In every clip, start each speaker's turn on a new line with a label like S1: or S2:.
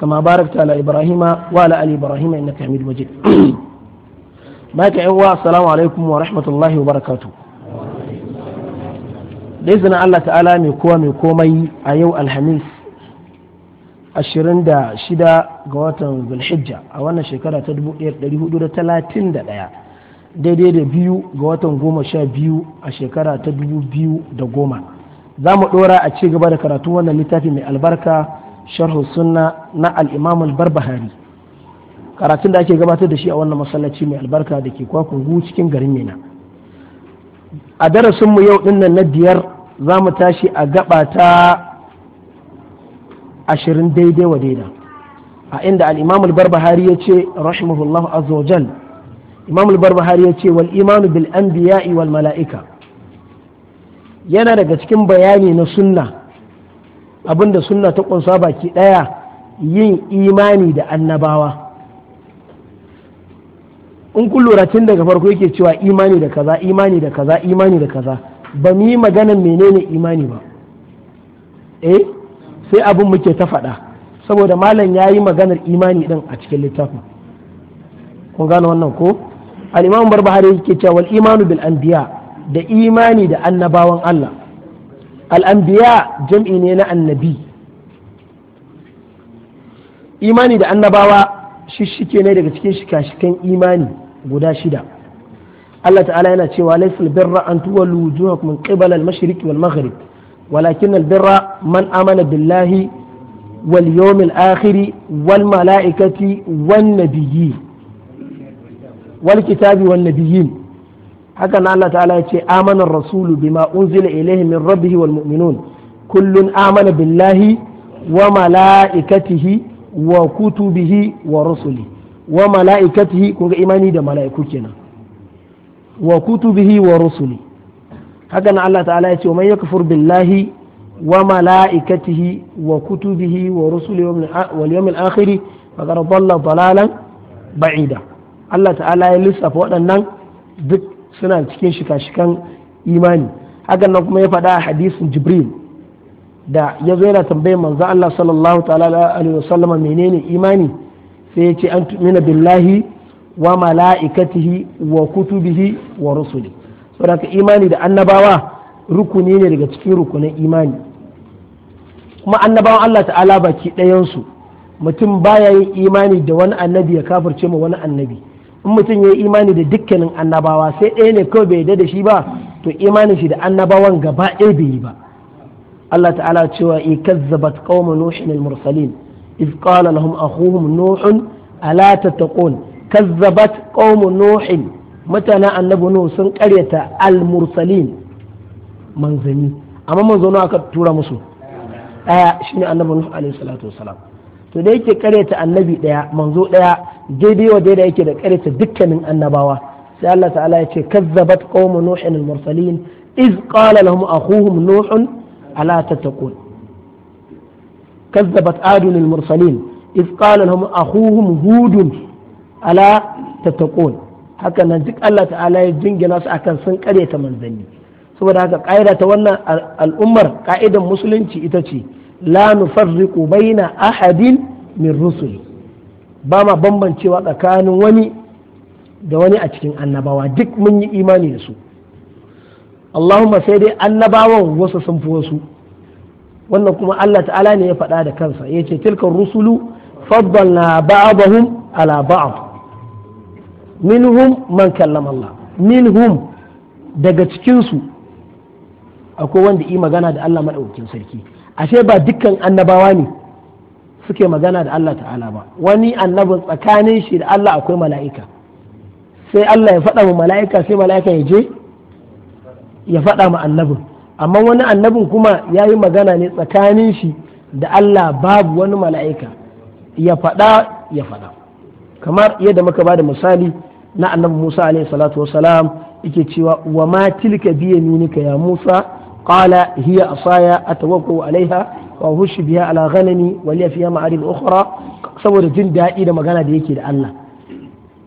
S1: كما باركت على إبراهيم وعلى آل إبراهيم إنك حميد مجيد باك أيوة السلام عليكم ورحمة الله وبركاته بإذن الله تعالى ميكوى ميكومي أيو الحميس ashirin da shida ga watan zulhijja a wannan shekara ta dubu hudu da talatin da ɗaya daidai da biyu ga watan goma sha biyu a shekara ta dubu biyu da goma za mu ɗora a ci gaba da karatun wannan littafi mai albarka sharhu sunna na al-imam al-barbahari karatun da ake gabatar da shi a wannan masallaci mai albarka da ke gu cikin garin mina a darasin mu yau din nan na biyar za mu tashi a gaba ta ashirin daidai wa daida a inda al-imam al-barbahari ya ce rahimahullahu azza wa imam al-barbahari ya ce wal imanu bil anbiya'i wal mala'ika yana daga cikin bayani na sunna Abin da suna ta ƙunsa baki ɗaya yin imani da annabawa in kun lura tun daga farko yake cewa imani da kaza imani da kaza imani da kaza ba mu yi maganan menene imani ba eh sai abin muke ta faɗa saboda malam ya yi maganar imani ɗin a cikin littafin kun gane wannan ko al barba barbahari yake cewa wal imanu bil anbiya da imani da annabawan Allah Al'ambiya jam'i ne na annabi imani da annabawa shishike ne daga cikin shika-shikan imani guda shida Allah ta'ala yana cewa laifin birra an tuwallu wujuhakum min qibala al-mashriq wal maghrib walakin al-birra man amana billahi wal yawmil akhir wal mala'ikati wan nabiyyi wal kitabi wan nabiyyin haka na Allah ta'ala ya ce amanar rasulu bima unzila ilaihi min rabbihi wal mu'minun kullun amana billahi wa mala'ikatihi wa kutubihi wa rusuli wa mala'ikatihi kun ga imani da mala'iku kenan wa kutubihi wa rusuli haka na Allah ta'ala ya ce man yakfur billahi wa mala'ikatihi wa kutubihi wa rusuli wal yawmil akhir faqad dhalla dalalan ba'ida Allah ta'ala ya lissafa waɗannan duk suna cikin shika-shikan imani hakan nan kuma ya faɗa a hadisin jibril da ya zo yana tambayar manzo Allah sallallahu ta'ala alaihi wasallama menene imani sai ya ce an tumina billahi wa mala'ikatihi wa kutubihi wa rusuli saboda imani da annabawa rukuni ne daga cikin rukunin imani kuma annabawan Allah ta'ala baki ɗayansu mutum baya yin imani da wani annabi ya kafirce ma wani annabi in mutum ya yi imani da dukkanin annabawa sai ɗaya ne kawai bai yarda da shi ba to imanin shi da annabawan gaba ɗaya bai yi ba Allah ta'ala cewa i kazzabat qauma nuhin al-mursalin iz qala lahum akhuhum nuhun ala tattaqun kazzabat qauma nuhin mutanen annabi nuhu sun karyata al-mursalin manzani amma manzo aka tura musu ɗaya shine annabi nuhu alaihi salatu wasalam to da yake karyata annabi daya manzo daya daidai wa daidai ake da karyata dukkanin annabawa sai Allah ta'ala ya ce kazzabat qaumu nuhin al-mursalin iz qala lahum akhuhum nuh ala tattaqun kazzabat adun al-mursalin iz qala lahum akhuhum hud ala tattaqun haka duk Allah ta'ala ya jingina su akan sun karyata manzanni saboda haka ƙa'ida ta wannan al'ummar ka'idan musulunci ita ce la nufarriqu baina ahadin min rusuli ba ma bambancewa tsakanin wani da wani a cikin annabawa duk mun yi imani da su Allahuma sai dai annabawan wasu sun fi wasu wannan kuma Allah ta'ala ne ya faɗa da kansa ya ce tilka rusulu faddalna ba'dahum ala ba'd minhum man kallama Allah minhum daga cikinsu akwai wanda yi magana da Allah madaukakin sarki ashe ba dukkan annabawa ne suke magana da Allah ta'ala ba wani annabin tsakanin shi da Allah akwai mala'ika sai Allah ya faɗa ma mala'ika sai mala'ika ya je ya faɗa ma annabin amma wani annabin kuma ya yi magana ne tsakanin shi da Allah babu wani mala'ika ya faɗa ya faɗa kamar yadda muka ba da misali na annabi Musa alaihi salatu wasalam yake cewa wa ma tilka biya ya Musa قال هي عصايا أتوقع عليها وأهش بها على غنمي ولي فيها معارف أخرى saboda jin daɗi da magana da yake da Allah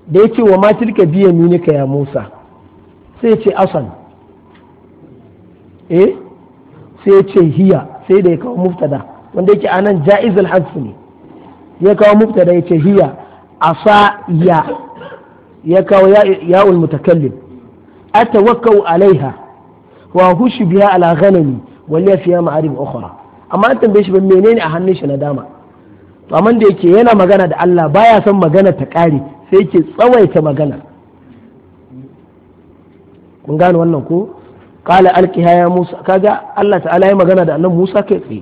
S1: da yake wa ma tilka biya minika ya Musa sai ya ce asan eh sai ya ce hiya sai da ya kawo muftada wanda yake anan ja'izul hadf ne ya kawo muftada ya ce hiya asa ya ya kawo ya'ul mutakallim atawakkau alaiha wa hushu biya ala ghanami wal yafiya ma'arib ukhra amma an tambaye shi ba menene a hannun shi na dama to amma da yake yana magana da Allah baya son magana ta kare sai ke tsawaita magana kun gane wannan ko qala alqiha ya musa kaga Allah ta'ala ya magana da annabi Musa kai tsaye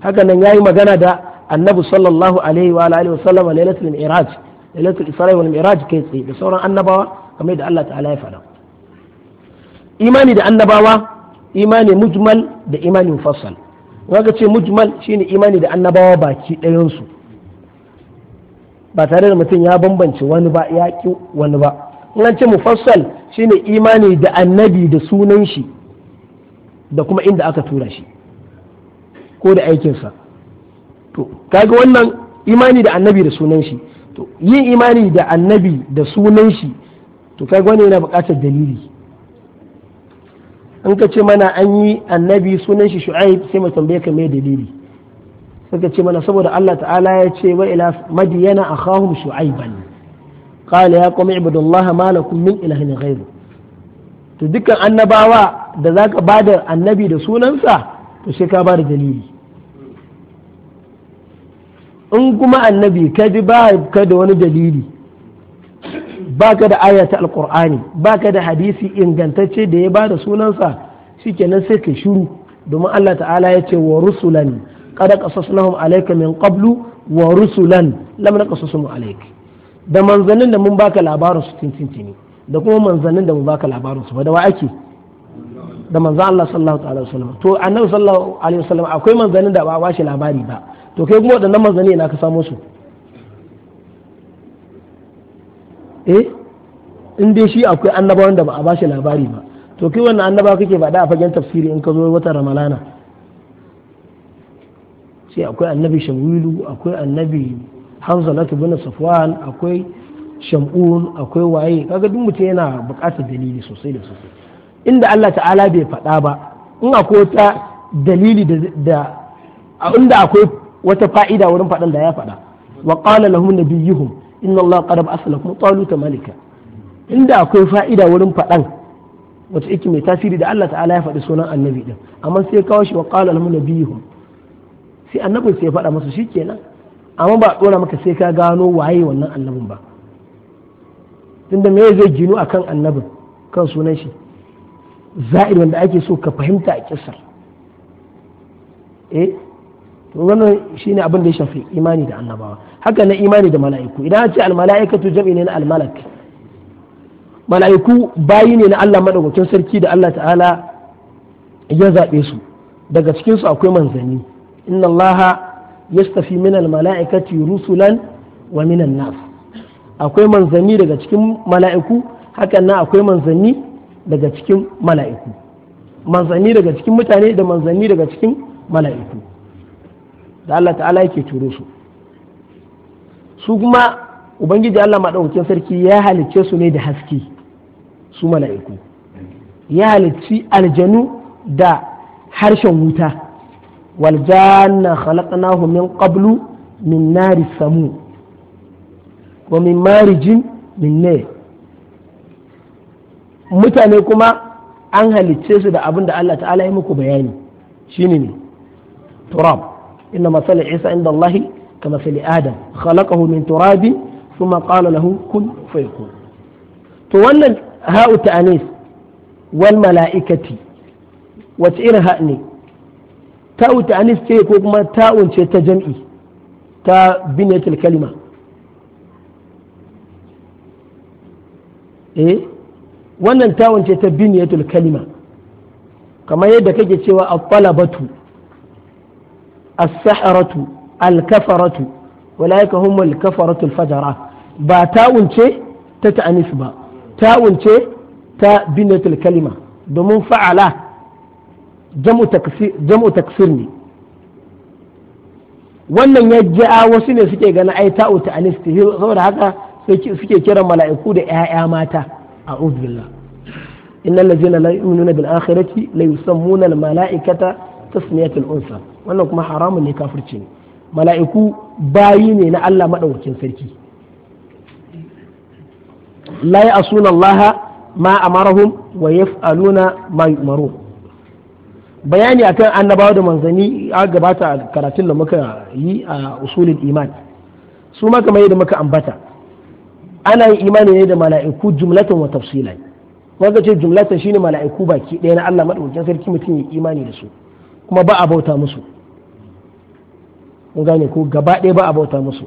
S1: haka nan yayi magana da annabi sallallahu alaihi wa wa sallam lailatul mi'raj lailatul isra'i kai tsaye da sauran annabawa kamar da Allah ta'ala ya faɗa imani da annabawa imani mujmal da imani mufassal wanda ce mujmal shine imani da annabawa baki ɗayansu ba tare da mutum ya bambance wani ba ya ƙi wani ba in an ce mufassal shine imani da annabi da sunan shi da kuma inda aka tura shi ko da aikinsa to kaga wannan imani da annabi da sunan shi to yin imani da annabi da sunan shi to kaga wannan yana buƙatar dalili in ka ce mana an yi annabi sunan shi shu'aib sai mu tambaye ka mai dalili suka ce mana saboda Allah ta'ala ya ce wa ila madiyana akhahum shu'aiban qala ya qawmi ibadullah ma lakum min ilahin ghayru to dukkan annabawa da zaka bada annabi da sunansa to sai ka bada dalili in kuma annabi ka ji ba ka da wani dalili baka da ayata Alkur'ani baka da hadisi ingantacce da ya bada sunansa shikenan sai ka shiru domin Allah ta'ala ya ce wa rusulan qad qasasnahum alayka min qablu wa rusulan lam naqasasuhum alayka da manzannin da mun baka labarin su tintintini da kuma manzannin da mun baka labarin su ba da wa ake da manzan Allah sallallahu alaihi wasallam to annabi sallallahu alaihi wasallam akwai manzannin da ba a bashi labari ba to kai kuma waɗannan manzanni ina ka samo su eh in dai shi akwai annaba wanda ba a bashi labari ba to kai wannan annaba kake faɗa a fagen tafsiri in ka zo wata ramalana sai akwai annabi shawilu akwai annabi hamzalatu bin safwan akwai shamun akwai waye kaga duk mutum yana buƙatar dalili sosai da sosai inda Allah ta'ala bai faɗa ba in akwai wata dalili da inda akwai wata fa'ida wurin faɗan da ya faɗa wa qala lahum nabiyyuhum inna Allah qad ba'atha taluta malika inda akwai fa'ida wurin faɗan wata yake mai tasiri da Allah ta'ala ya faɗi sunan annabi din amma sai ya kawo shi wa qala lahum nabiyuhum sai annabin sai ya faɗa masa shikenan amma ba dora maka sai ka gano waye wannan annabin ba tunda me zai ginu akan annabin kan sunan shi zai wanda ake so ka fahimta a kissar eh to wannan shine abin da ya shafi imani da annabawa haka na imani da mala'iku idan a ce al mala'ikatu jam'i ne na al malak mala'iku bayi ne na Allah madaukakin sarki da Allah ta'ala ya zabe su daga cikin su akwai manzanni inna Allah yastafi min al mala'ikati rusulan wa min nas akwai manzanni daga cikin mala'iku hakan nan akwai manzanni daga cikin mala'iku manzanni daga cikin mutane da manzanni daga cikin mala'iku da Allah ta'ala yake turo su su kuma ubangiji Allah maɗaukakin sarki ya halicce su ne da haske su mala'iku ya halicci aljanu da harshen wuta janna khalaqnahu min qablu min nari samu wa min marijin min ne mutane kuma an halicce su da abin da Allah ta'ala ya muku bayani shine ne turab inna masala isa inda allahi ka masali adam khalaqahu min turabi thumma qala lahu kun fayakun to wannan ha'u ta'anis wal mala'ikati wace irin ha ne ta'u ta'anis ce ko kuma ta jam'i ta kalima eh, wannan tawon ce ta biniyatul kalima kamar yadda kake cewa a talabatu as alkafaratu al-kafaratu walaika hum fajara ba ta'un ta ta'anis ba ta'un ta binatul kalima domin fa'ala jam'u taksir ne wannan ya ja'a wasu ne suke ganin ai ta'u ta'anis saboda haka suke kiran mala'iku da 'ya'ya mata a'udhu billah إن الذين لا يؤمنون بالآخرة ليسمون الملائكة تسمية الأنثى wannan kuma haramun ne kafirci ne mala'iku bayi ne na Allah maɗaukin sarki la ya'suna Allah ma amarahum wa yaf'aluna ma yu'marun bayani akan annabawa da manzanni a gabata a karatun da muka yi a usulin iman su ma kamar yadda muka ambata ana yin imani ne da mala'iku jumlatan wa tafsilan wanda ce jumlatan shine mala'iku baki ɗaya na Allah madaukakin sarki mutum ya imani da su kuma ba a bauta musu in gane ko gaba ɗaya ba a bauta musu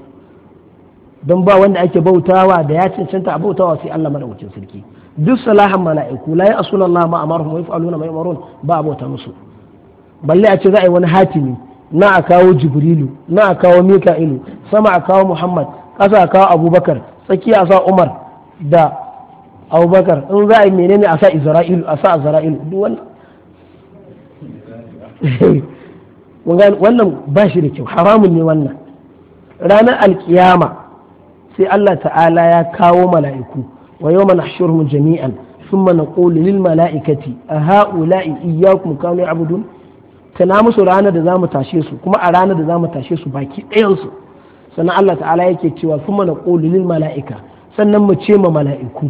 S1: don ba wanda ake bautawa da ya cancanta a bautawa sai Allah madaukakin sarki duk salahan mala'iku la ya'suna Allah ma amaruhum wa yaf'aluna ma ba a bauta musu balle a ce za a yi wani hatimi na a kawo jibrilu na a kawo mika'ilu sama a kawo muhammad kasa a kawo abubakar tsakiya a sa umar da abubakar in za a yi menene a sa isra'ilu a sa azra'ilu duk wannan wannan ba shi da kyau haramun ne wannan ranar alkiyama sai Allah ta'ala ya kawo mala'iku wa yau nahshuruhum jami'an sun mana ƙoli lil mala'ikati a ha'ula'i iyyakum kanu ta tana musu ranar da za mu tashe su kuma a ranar da za mu tashe su baki ɗayan sannan Allah ta'ala yake cewa sun mana ƙoli lil mala'ika sannan mu ce ma mala'iku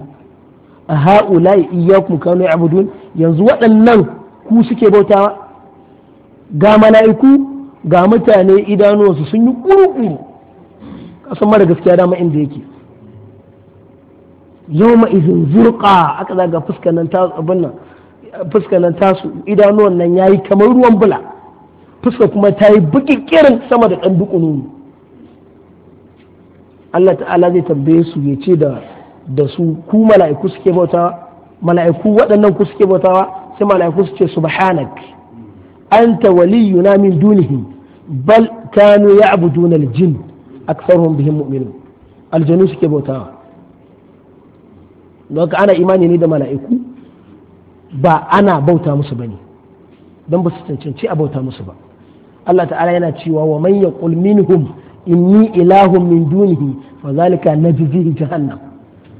S1: a ha'ula'i iyyakum kanu abudun yanzu waɗannan ku suke bautawa ga mala'iku ga mutane idanuwansu sun yi ƙuru-ƙuru kasan mara gaskiya dama inda yake yawma izin zurƙa aka zaga fuskan nan tasu idanuwan nan yi kamar ruwan bula fuska kuma ta yi bukikirin sama da ɗan dukunu Allah ta'ala zai tambaye su ya ce da su ku mala'iku suke bautawa mala'iku waɗannan ku suke bautawa sai mala'iku su ce subhanak anta waliyuna min dunihi bal kanu ya'budun al-jin aktharuhum bihim mu'minun aljanu suke bautawa don ana imani ne da mala'iku ba ana bauta musu bane don ba su cancanci a bauta musu ba Allah ta'ala yana cewa wa man yaqul minhum inni ilahun min dunihi na zalika najzihi jahannam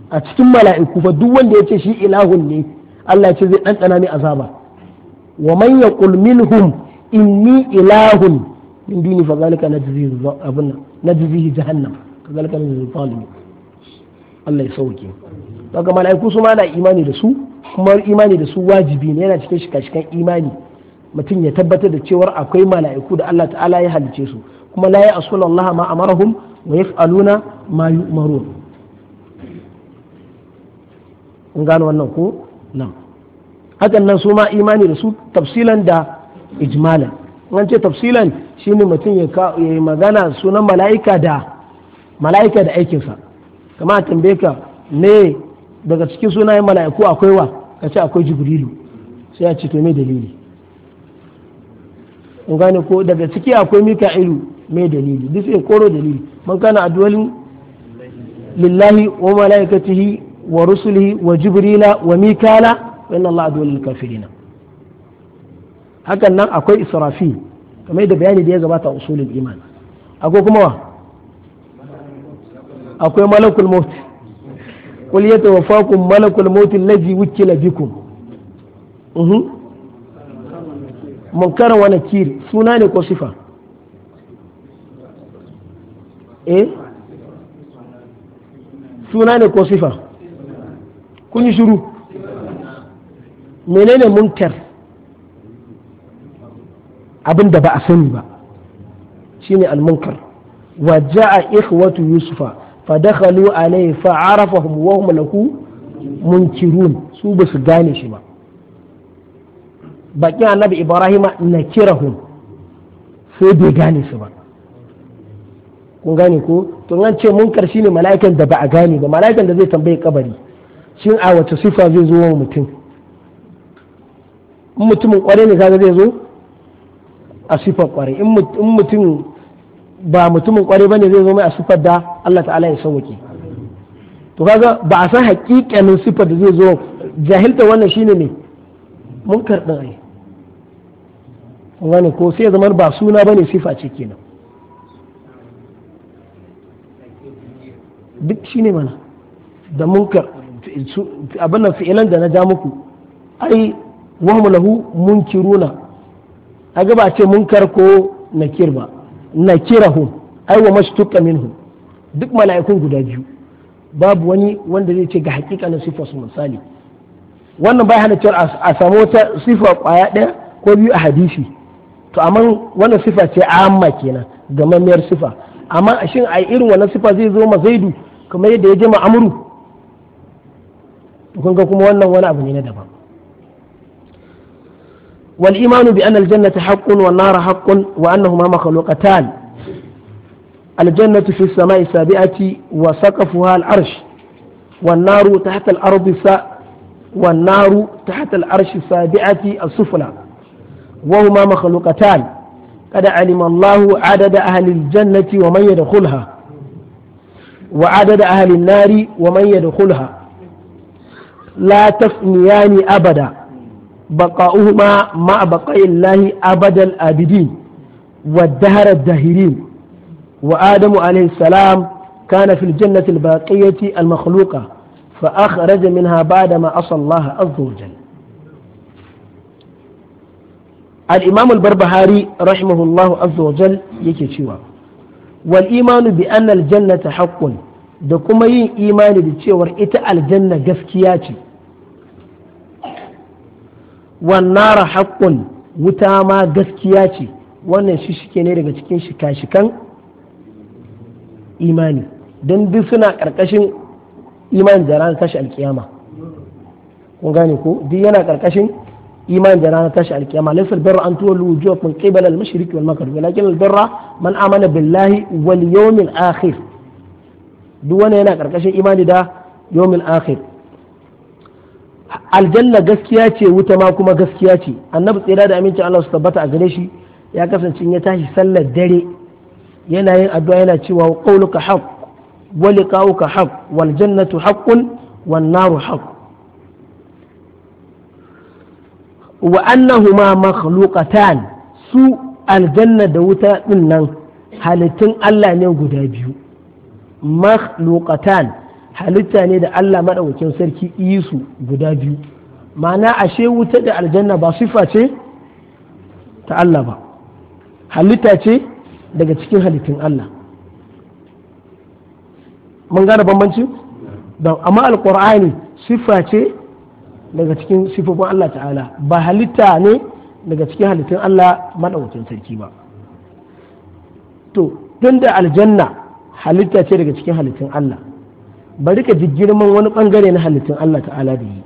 S1: a cikin mala'iku fa duk wanda ya ce shi ilahun ne Allah ya ce zai ɗanɗana mai azaba wa man yaqul minhum inni ilahun min dini fa zalika najzihi abun najzihi jahannam kazalika najzihi zalimin Allah ya sauke kaga malaiku su ma na imani da su kuma imani da su wajibi ne yana cikin shikashikan imani mutum ya tabbatar da cewar akwai mala'iku da Allah ta'ala ya halice su kuma layi ya asula Allah ma amarahum wa yaf'aluna ma yu'marun kun gano wannan ko nan hakan nan su ma imani da su tafsilan da ijmalan an ce tafsilan shine mutum ya yi magana sunan mala'ika da mala'ika da aikinsa kama tambaye ka me daga cikin sunayen mala'iku akwai wa ka ce akwai jibrilu sai ya ce to me dalili in gane ko daga ciki akwai mika'ilu me dalili duk sai koro dalili man kana adwalin lillahi wa mala'ikatihi wa rusulihi wa jibrila wa mikala wa inna Allah adul kafirina hakan nan akwai israfi kamar da bayani da ya gabata a usulul iman akwai kuma wa akwai malakul maut qul yatawaffakum malakul maut allazi wukila bikum uhu munkara wa nakir suna ne ko sifa eh suna ne ko sifa kun yi shiru menene munkar abin da ba a sani ba shine al-munkar wa ja'a ikhwatu yusufa fa dakhalu alayhi fa arafahum wa hum lahu munkirun su ba su gane shi ba bakin annabi ibrahima nakirahum sai bai gane su ba kun gane ko to an ce munkar shine mala'ikan da ba a gane ba mala'ikan da zai tambaye kabari shin a wace sifa zai zo wa mutum in mutumin kwarai ne kaga zai zo a sifar kwarai in mutum ba mutumin kwarai bane zai zo mai a sifar da Allah ta'ala ya sauke to kaga ba a san hakikanin sifar da zai zo jahilta wannan shine ne munkar din ne wani ko sai zaman ba suna bane sifa ce kenan duk shine mana da munkar abin nan fi'ilan da na ja muku ai wahum lahu munkiruna aga ba ce munkar ko nakir ba nakirahum ai wa mashtuqa minhum duk mala'ikun guda biyu babu wani wanda zai ce ga hakika na sifa su misali wannan bai hana cewa a samu wata sifa kwaya ɗaya ko biyu a hadisi to amma wannan sifa ce amma kenan gamammiyar sifa amma a shin a irin wannan sifa zai zo ma zaidu kamar yadda ya je ma amuru kun kuma wannan wani abu ne na daban wal imanu bi anna aljannata haqqun wan nara haqqun wa annahuma makhluqatan aljannatu fi samai sabi'ati wa saqafuha al arsh wan naru tahta al ardi al arshi sabi'ati as sufla wa huma makhluqatan قد علم الله عدد أهل الجنة ومن يدخلها وعدد أهل النار ومن يدخلها لا تفنيان أبدا بقاؤهما مع بقاء الله أبد الآبدين والدهر الداهرين وآدم عليه السلام كان في الجنة الباقية المخلوقة فأخرج منها بعدما عصى الله عز وجل الإمام البربهاري رحمه الله عز وجل يكي والإيمان بأن الجنة حق da kuma yin imani da cewar ita aljanna gaskiya ce wannara haƙƙun wuta ma gaskiya ce wannan shi shike ne daga cikin shika-shikan imani don duk suna ƙarƙashin imani da ranar tashi alkiyama kun gane ko duk yana ƙarƙashin imani da ranar tashi alkiyama laifin birra an tuwa lujuwa kun qibala al-mashriq wal maghrib walakin al-birra man amana billahi wal yomin akhir duk wani yana ƙarƙashin imani da yomin akhir aljanna gaskiya ce wuta ma kuma gaskiya ce annabi tsira da amincin Allah su tabbata a gare shi ya kasance ya tashi sallar dare yana yin addu'a yana cewa qauluka haqq wa liqa'uka haqq wal jannatu haqqun wan naru haqq wa annahuma makhluqatan su aljanna da wuta din nan halittun Allah ne guda biyu makhluqatan halitta ne da Allah maɗaukin sarki isu guda biyu ma'ana ashe wuta da aljanna ba sifa ce ta Allah ba halitta ce daga cikin halittun Allah mun gane bambanci don amma alƙur'ani sifa ce daga cikin sifofin Allah ta'ala ba halitta ne daga cikin halittun Allah maɗaukin sarki ba to tun da aljanna halitta ce daga cikin halittun Allah bari ka ji girman wani bangare na halittun Allah ta'ala da yi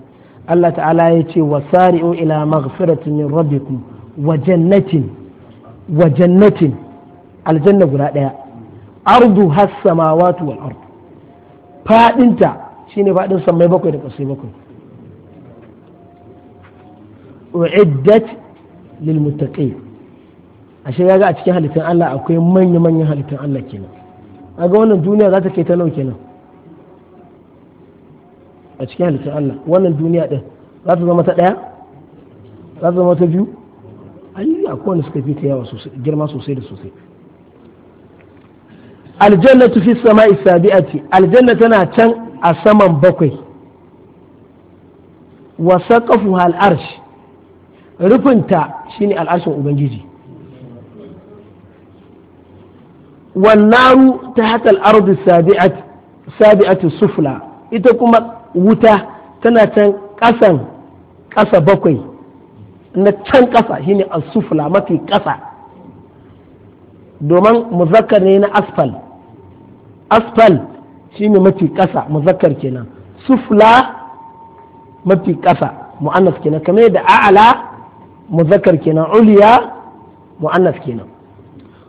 S1: Allah ta'ala ya ce wa sari'u ila maghfiratin min rabbikum wa jannatin wa jannatin aljanna guda daya ardu has samawati wal ard fadinta shine fadin samai bakwai da kasai bakwai uiddat lil muttaqin ashe a cikin halittun Allah akwai manya manyan halittun Allah kenan kaga wannan duniya za ta kai ta nau kenan a cikin halittar Allah wannan duniya din za ta zama ta ɗaya za ta zama ta biyu ayi a kowane suka fi ta yawa sosai girma sosai da sosai aljannatu fi sama'i sabi'ati aljanna tana can a saman bakwai wa saqafuha al'arsh rufinta shine al'arshin ubangiji wannan ta hatal ardi sabi'at sabi'atu sufla ita kuma wuta tana can ƙasan ƙasa bakwai na can ƙasa shine asufula mafi ƙasa domin muzakkar ne na asfal asfal shine mafi ƙasa muzakkar kenan sufla mafi ƙasa mu'annas kenan kamar yadda a'ala muzakkar kenan uliya mu'annas kenan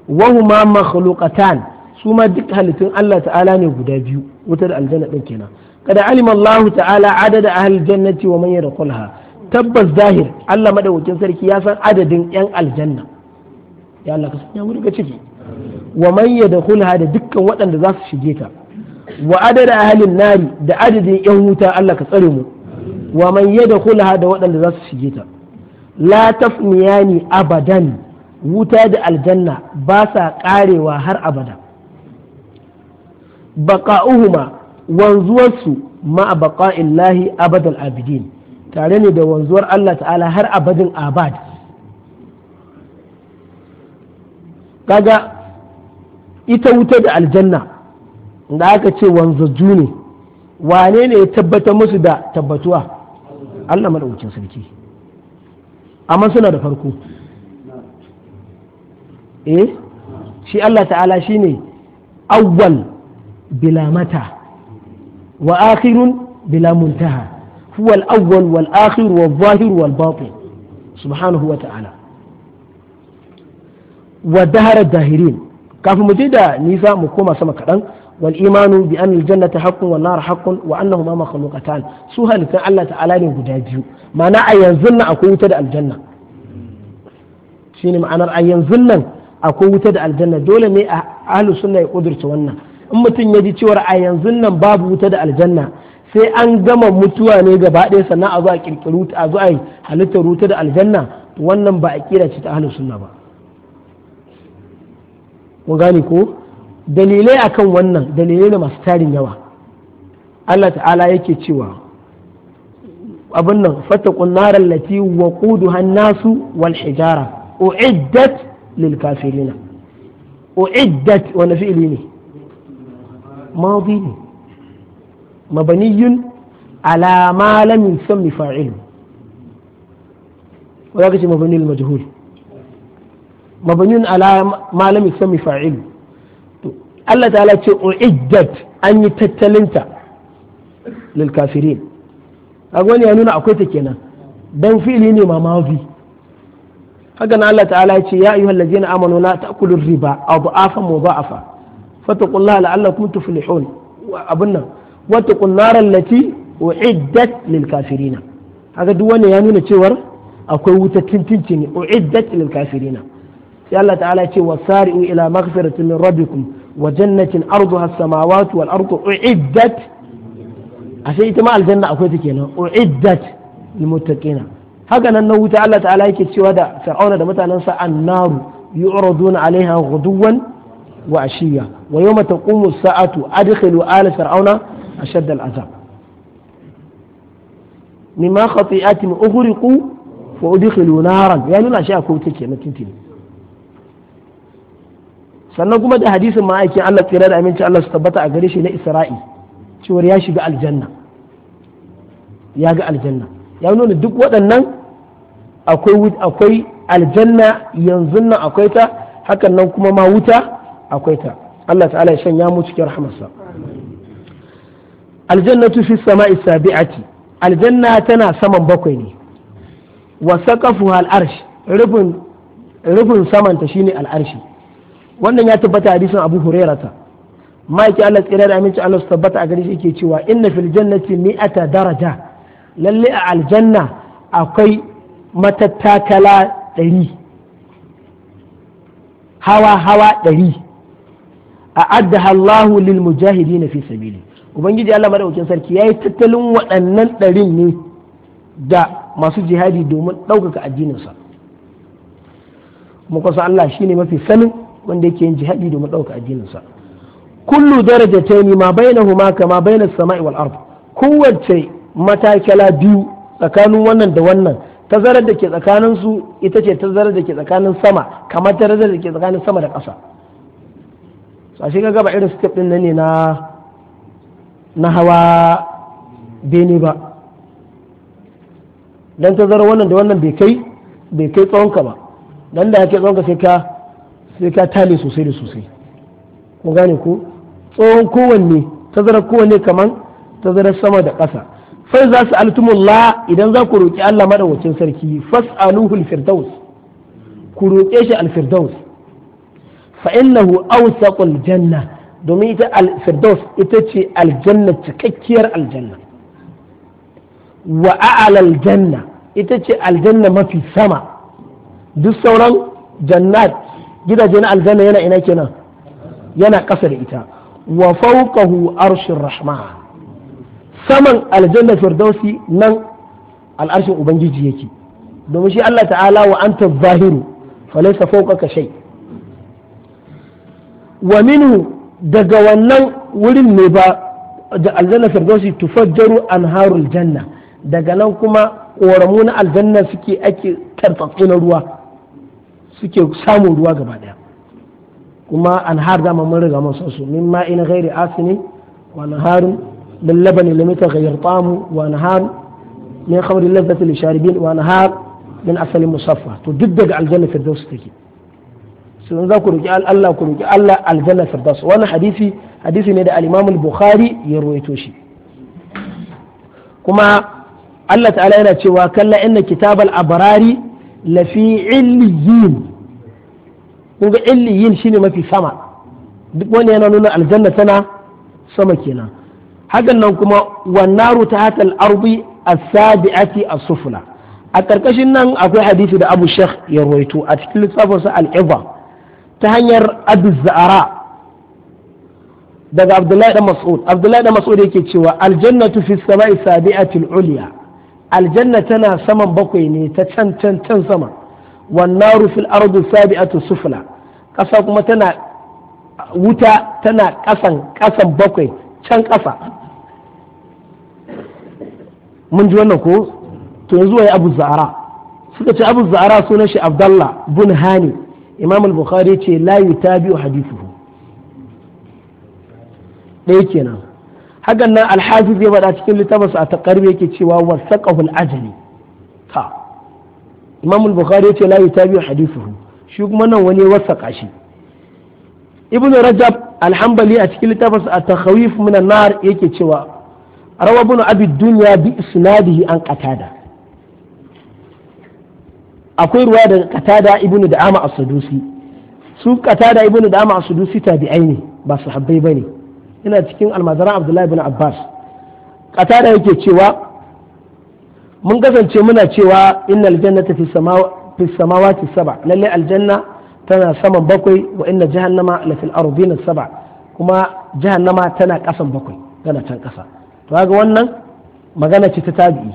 S1: wahuma makhluqatan su ma duk halittun Allah ta'ala ne guda biyu wutar aljanna din kenan قد علم الله تعالى عدد أهل الجنة ومن يدخلها tabbas zahir Allah madaukakin sarki ya san adadin yan aljanna ya Allah ka sanya mu daga ciki wa man yadkhulha da dukkan waɗanda za su shige ta wa adada ahlin nari da adadin yan wuta Allah ka tsare mu wa man yadkhulha da waɗanda za su shige ta la abadan wuta da aljanna ba sa karewa har abada uhuma. wanzuwarsu ma'a Illahi abadal abidin tare ne da wanzuwar Allah ta'ala har abadin abad kaga ita wuta da aljanna da aka ce wanzu ne wane ne ya tabbata musu da tabbatuwa Allah maɗaukacin sarki amma suna da farko eh shi Allah ta'ala shi ne awwal bilamata wa akhirun bila muntaha huwa al-awwal wal akhir wal zahir wal wa ta'ala wa dahara dahirin kafin muje da nisa mu koma sama kaɗan wal imanu bi anna jannata haqqun wan nar haqqun wa annahuma makhluqatan su halittan Allah ta'ala ne guda biyu ma'ana a yanzu nan akwai wuta da aljanna shine ma'anar a yanzu nan akwai wuta da aljanna dole ne a ahlus sunna ya kudurta wannan in mutum ya ji cewar a yanzu nan babu wuta da aljanna sai an gama mutuwa ne gaba ɗaya sannan a zo a kirkiru a zo a yi halittar wuta da aljanna wannan ba a kira ce ta ahlus sunna ba mun gane ko dalilai akan wannan dalilai da masu tarin yawa Allah ta'ala yake cewa abin nan fatakun narar lati wa kudu nasu wal hijara u'iddat lil kafirina u'iddat wani fi'ili ne madi ne mabaniyun ala ma lam yusammi fa'ilu wa zaka ce mabaniyul majhul mabaniyun ala ma lam yusammi Allah ta'ala ce uiddat an yi tattalinta lil kafirin kaga wani nuna akwai ta kenan dan fili ne ma madi haka na Allah ta'ala ya ce ya ayyuhallazina amanu la ta'kulu riba adhafan mudha'afa fattaqul laha la'allakum tuflihun abin nan wattaqun naral lati uiddat lil kafirina haka duk ya nuna cewar akwai wuta tintinci ne uiddat lil kafirina sai Allah ta'ala ce wasari'u ila maghfiratin min rabbikum wa jannatin arduha as-samawati wal ardu uiddat ita ma aljanna akwai ta kenan uiddat lil muttaqina haka nan na wuta Allah ta'ala yake cewa da fir'auna da mutanansa annaru yu'raduna alaiha ghuduwan wa ashiya wa yawma taqumu sa'atu adkhilu ala fir'auna ashadda al'azab mimma khati'atin ughriqu wa udkhilu naran ya nuna shi akwai wuta kenan tintini sannan kuma da hadisin ma'aikin Allah tsira da aminci Allah su tabbata a gare shi na Isra'i cewar ya shiga aljanna ya ga aljanna ya duk waɗannan akwai aljanna yanzu nan akwai ta hakan nan kuma ma wuta akwai ta Allah ta'ala ya shanya mu cikin rahmarsa aljannatu fi sama'i sabi'ati aljanna tana saman bakwai ne wa saqafuha al-arsh rufin saman ta shine al-arshi wannan ya tabbata hadisin Abu Hurairata ma'aiki Allah tsira da aminci Allah su tabbata a gare shi yake cewa inna fil jannati mi'ata daraja lalle a aljanna akwai matattakala ɗari hawa hawa ɗari a'addaha Allahu lil na fi sabili ubangiji Allah madaukakin sarki yayi tattalin waɗannan ɗarin ne da masu jihadi domin ɗaukaka addininsa muka kusa Allah shine mafi sanin wanda yake yin jihadi domin ɗaukaka addininsa kullu darajatayn ma bainahuma kama na sama'i wal ard kowace matakala biyu tsakanin wannan da wannan tazarar da ke tsakanin su ita ce tazarar da ke tsakanin sama kamar tazarar da ke tsakanin sama da ƙasa so ashe ga gaba irin step din nan ne na na hawa bene ba ta tazara wannan da wannan bai kai bai kai tsawonka ba don da yake tsawonka sai ka sai ka tale sosai da sosai ko gane ko tsohon kowanne zara kowanne kaman zara sama da ƙasa fai za su altumullah idan za ku roƙi Allah madawacin sarki fas'aluhu alfirdaus ku roƙe shi alfirdaus fa innahu awsaqul janna domin ita al-firdaus ita ce aljanna cikakkiyar aljanna wa a'lal janna ita ce aljanna mafi sama duk sauran jannat gidaje na aljanna yana ina kenan yana ƙasa ita wa fawqahu arshir rahma saman aljanna firdausi nan al'arshin ubangiji yake domin shi Allah ta'ala wa anta zahiru falaysa fawqaka shai. wa minhu daga wannan wurin ne ba da aljanna firdausi tufajjaru anharul janna daga nan kuma ƙoramu na aljanna suke ake tartsatsu na ruwa suke samun ruwa gaba daya kuma anhar dama mun riga mun san su min ma'in ghairi asinin wa anharun min labanin lam yataghayyar ta'amu wa anharun min khamri ladzati lisharibin wa anhar min asalin musaffa to duk daga aljanna firdausi take sun za ku roki Allah ku roki Allah aljanna firdaus wannan hadisi hadisi ne da al-Imam al-Bukhari ya ruwaito shi kuma Allah ta'ala yana cewa kalla inna kitabal abrari lafi illiyin kun illiyin shine mafi sama duk wani yana nuna aljanna tana sama kenan hakan nan kuma naru ta hatal arbi as-sabi'ati as-sufla a karkashin nan akwai hadisi da Abu Sheikh ya ruwaito a cikin lissafinsa al-Ibra ta hanyar abu za'ara daga abdullahi da mas'ud abdullahi da mas'ud yake cewa aljannatu fi sama'i sabi'atil ulya aljanna tana saman bakwai ne ta can can can sama wan naru fil ardu sabi'atu sufla kasa kuma tana wuta tana kasan kasan bakwai can kasa mun ji wannan ko to yanzu wai abu za'ara suka ce abu za'ara sunan shi abdallah bin hani imam al-bukhari ce la yutabi'u hadithuhu ɗaya kenan hakan nan al-hafiz ya bada cikin littafinsa a taqarib yake cewa wasaqahu al-ajli ta imam al-bukhari ya ce la yutabi'u hadithuhu shi kuma nan wani wasaqa shi ibn rajab al-hanbali a cikin littafinsa a takhawif min an-nar yake cewa rawa ibn abi dunya bi isnadihi an qatada akwai ruwa daga katada ibnu da'ama as-sadusi su katada ibnu da'ama as-sadusi tabi'ai ne ba su habbai bane ina cikin almazaran abdullahi ibn abbas katada yake cewa mun kasance muna cewa innal jannata fi samawa fi samawati sab'a lalle aljanna tana saman bakwai wa inna jahannama la fil ardina sab'a kuma jahannama tana kasan bakwai tana can kasa to kaga wannan magana ce ta tabi'i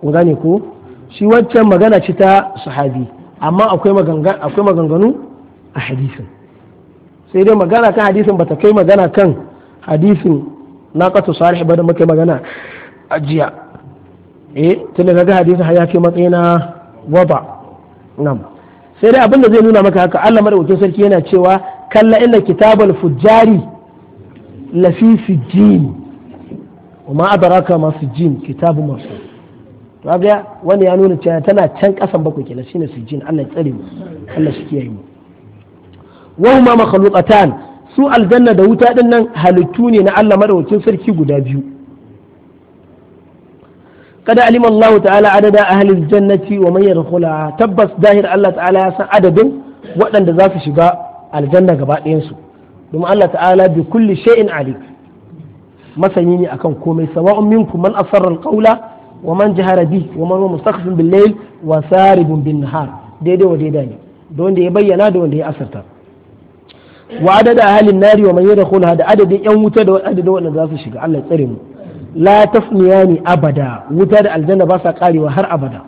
S1: ku gane ko shi waccan magana ce ta sahabi amma akwai maganganu a hadisin sai dai magana kan hadisin ba ta kai magana kan hadisin na ƙasa sarih ba da muke magana a jiya eh tun da ga hadisin ya ke matsayi na waba nam sai dai abin da zai nuna maka haka Allah madaukakin sarki yana cewa kalla inna kitabal fujari lafi sijjin وما أدراك ما jin kitabu masu. kaga wanda ya nuna cewa tana can kasan bakwai kenan shine sujjin Allah ya tsare mu Allah shi kiyaye mu wa huma makhluqatan su aljanna da wuta din nan halittu ne na Allah madawacin sarki guda biyu kada alima Allah ta'ala adada ahlil jannati wa man yadkhula tabbas zahir Allah ta'ala ya san adadin waɗanda za su shiga aljanna gaba ɗayan su domin Allah ta'ala bi kulli shay'in alim masani ne akan komai sawa'un minkum man asarra al ومن جهر به ومن هو مستخف بالليل وسارب بالنهار daidai wa daidai ne da wanda ya bayyana da wanda ya asarta wa adada ahalin nari wa man yadkhulha da adadin yan wuta da adadin wanda za su shiga Allah ya tsare mu la tafniyani abada wuta da aljanna ba sa karewa har abada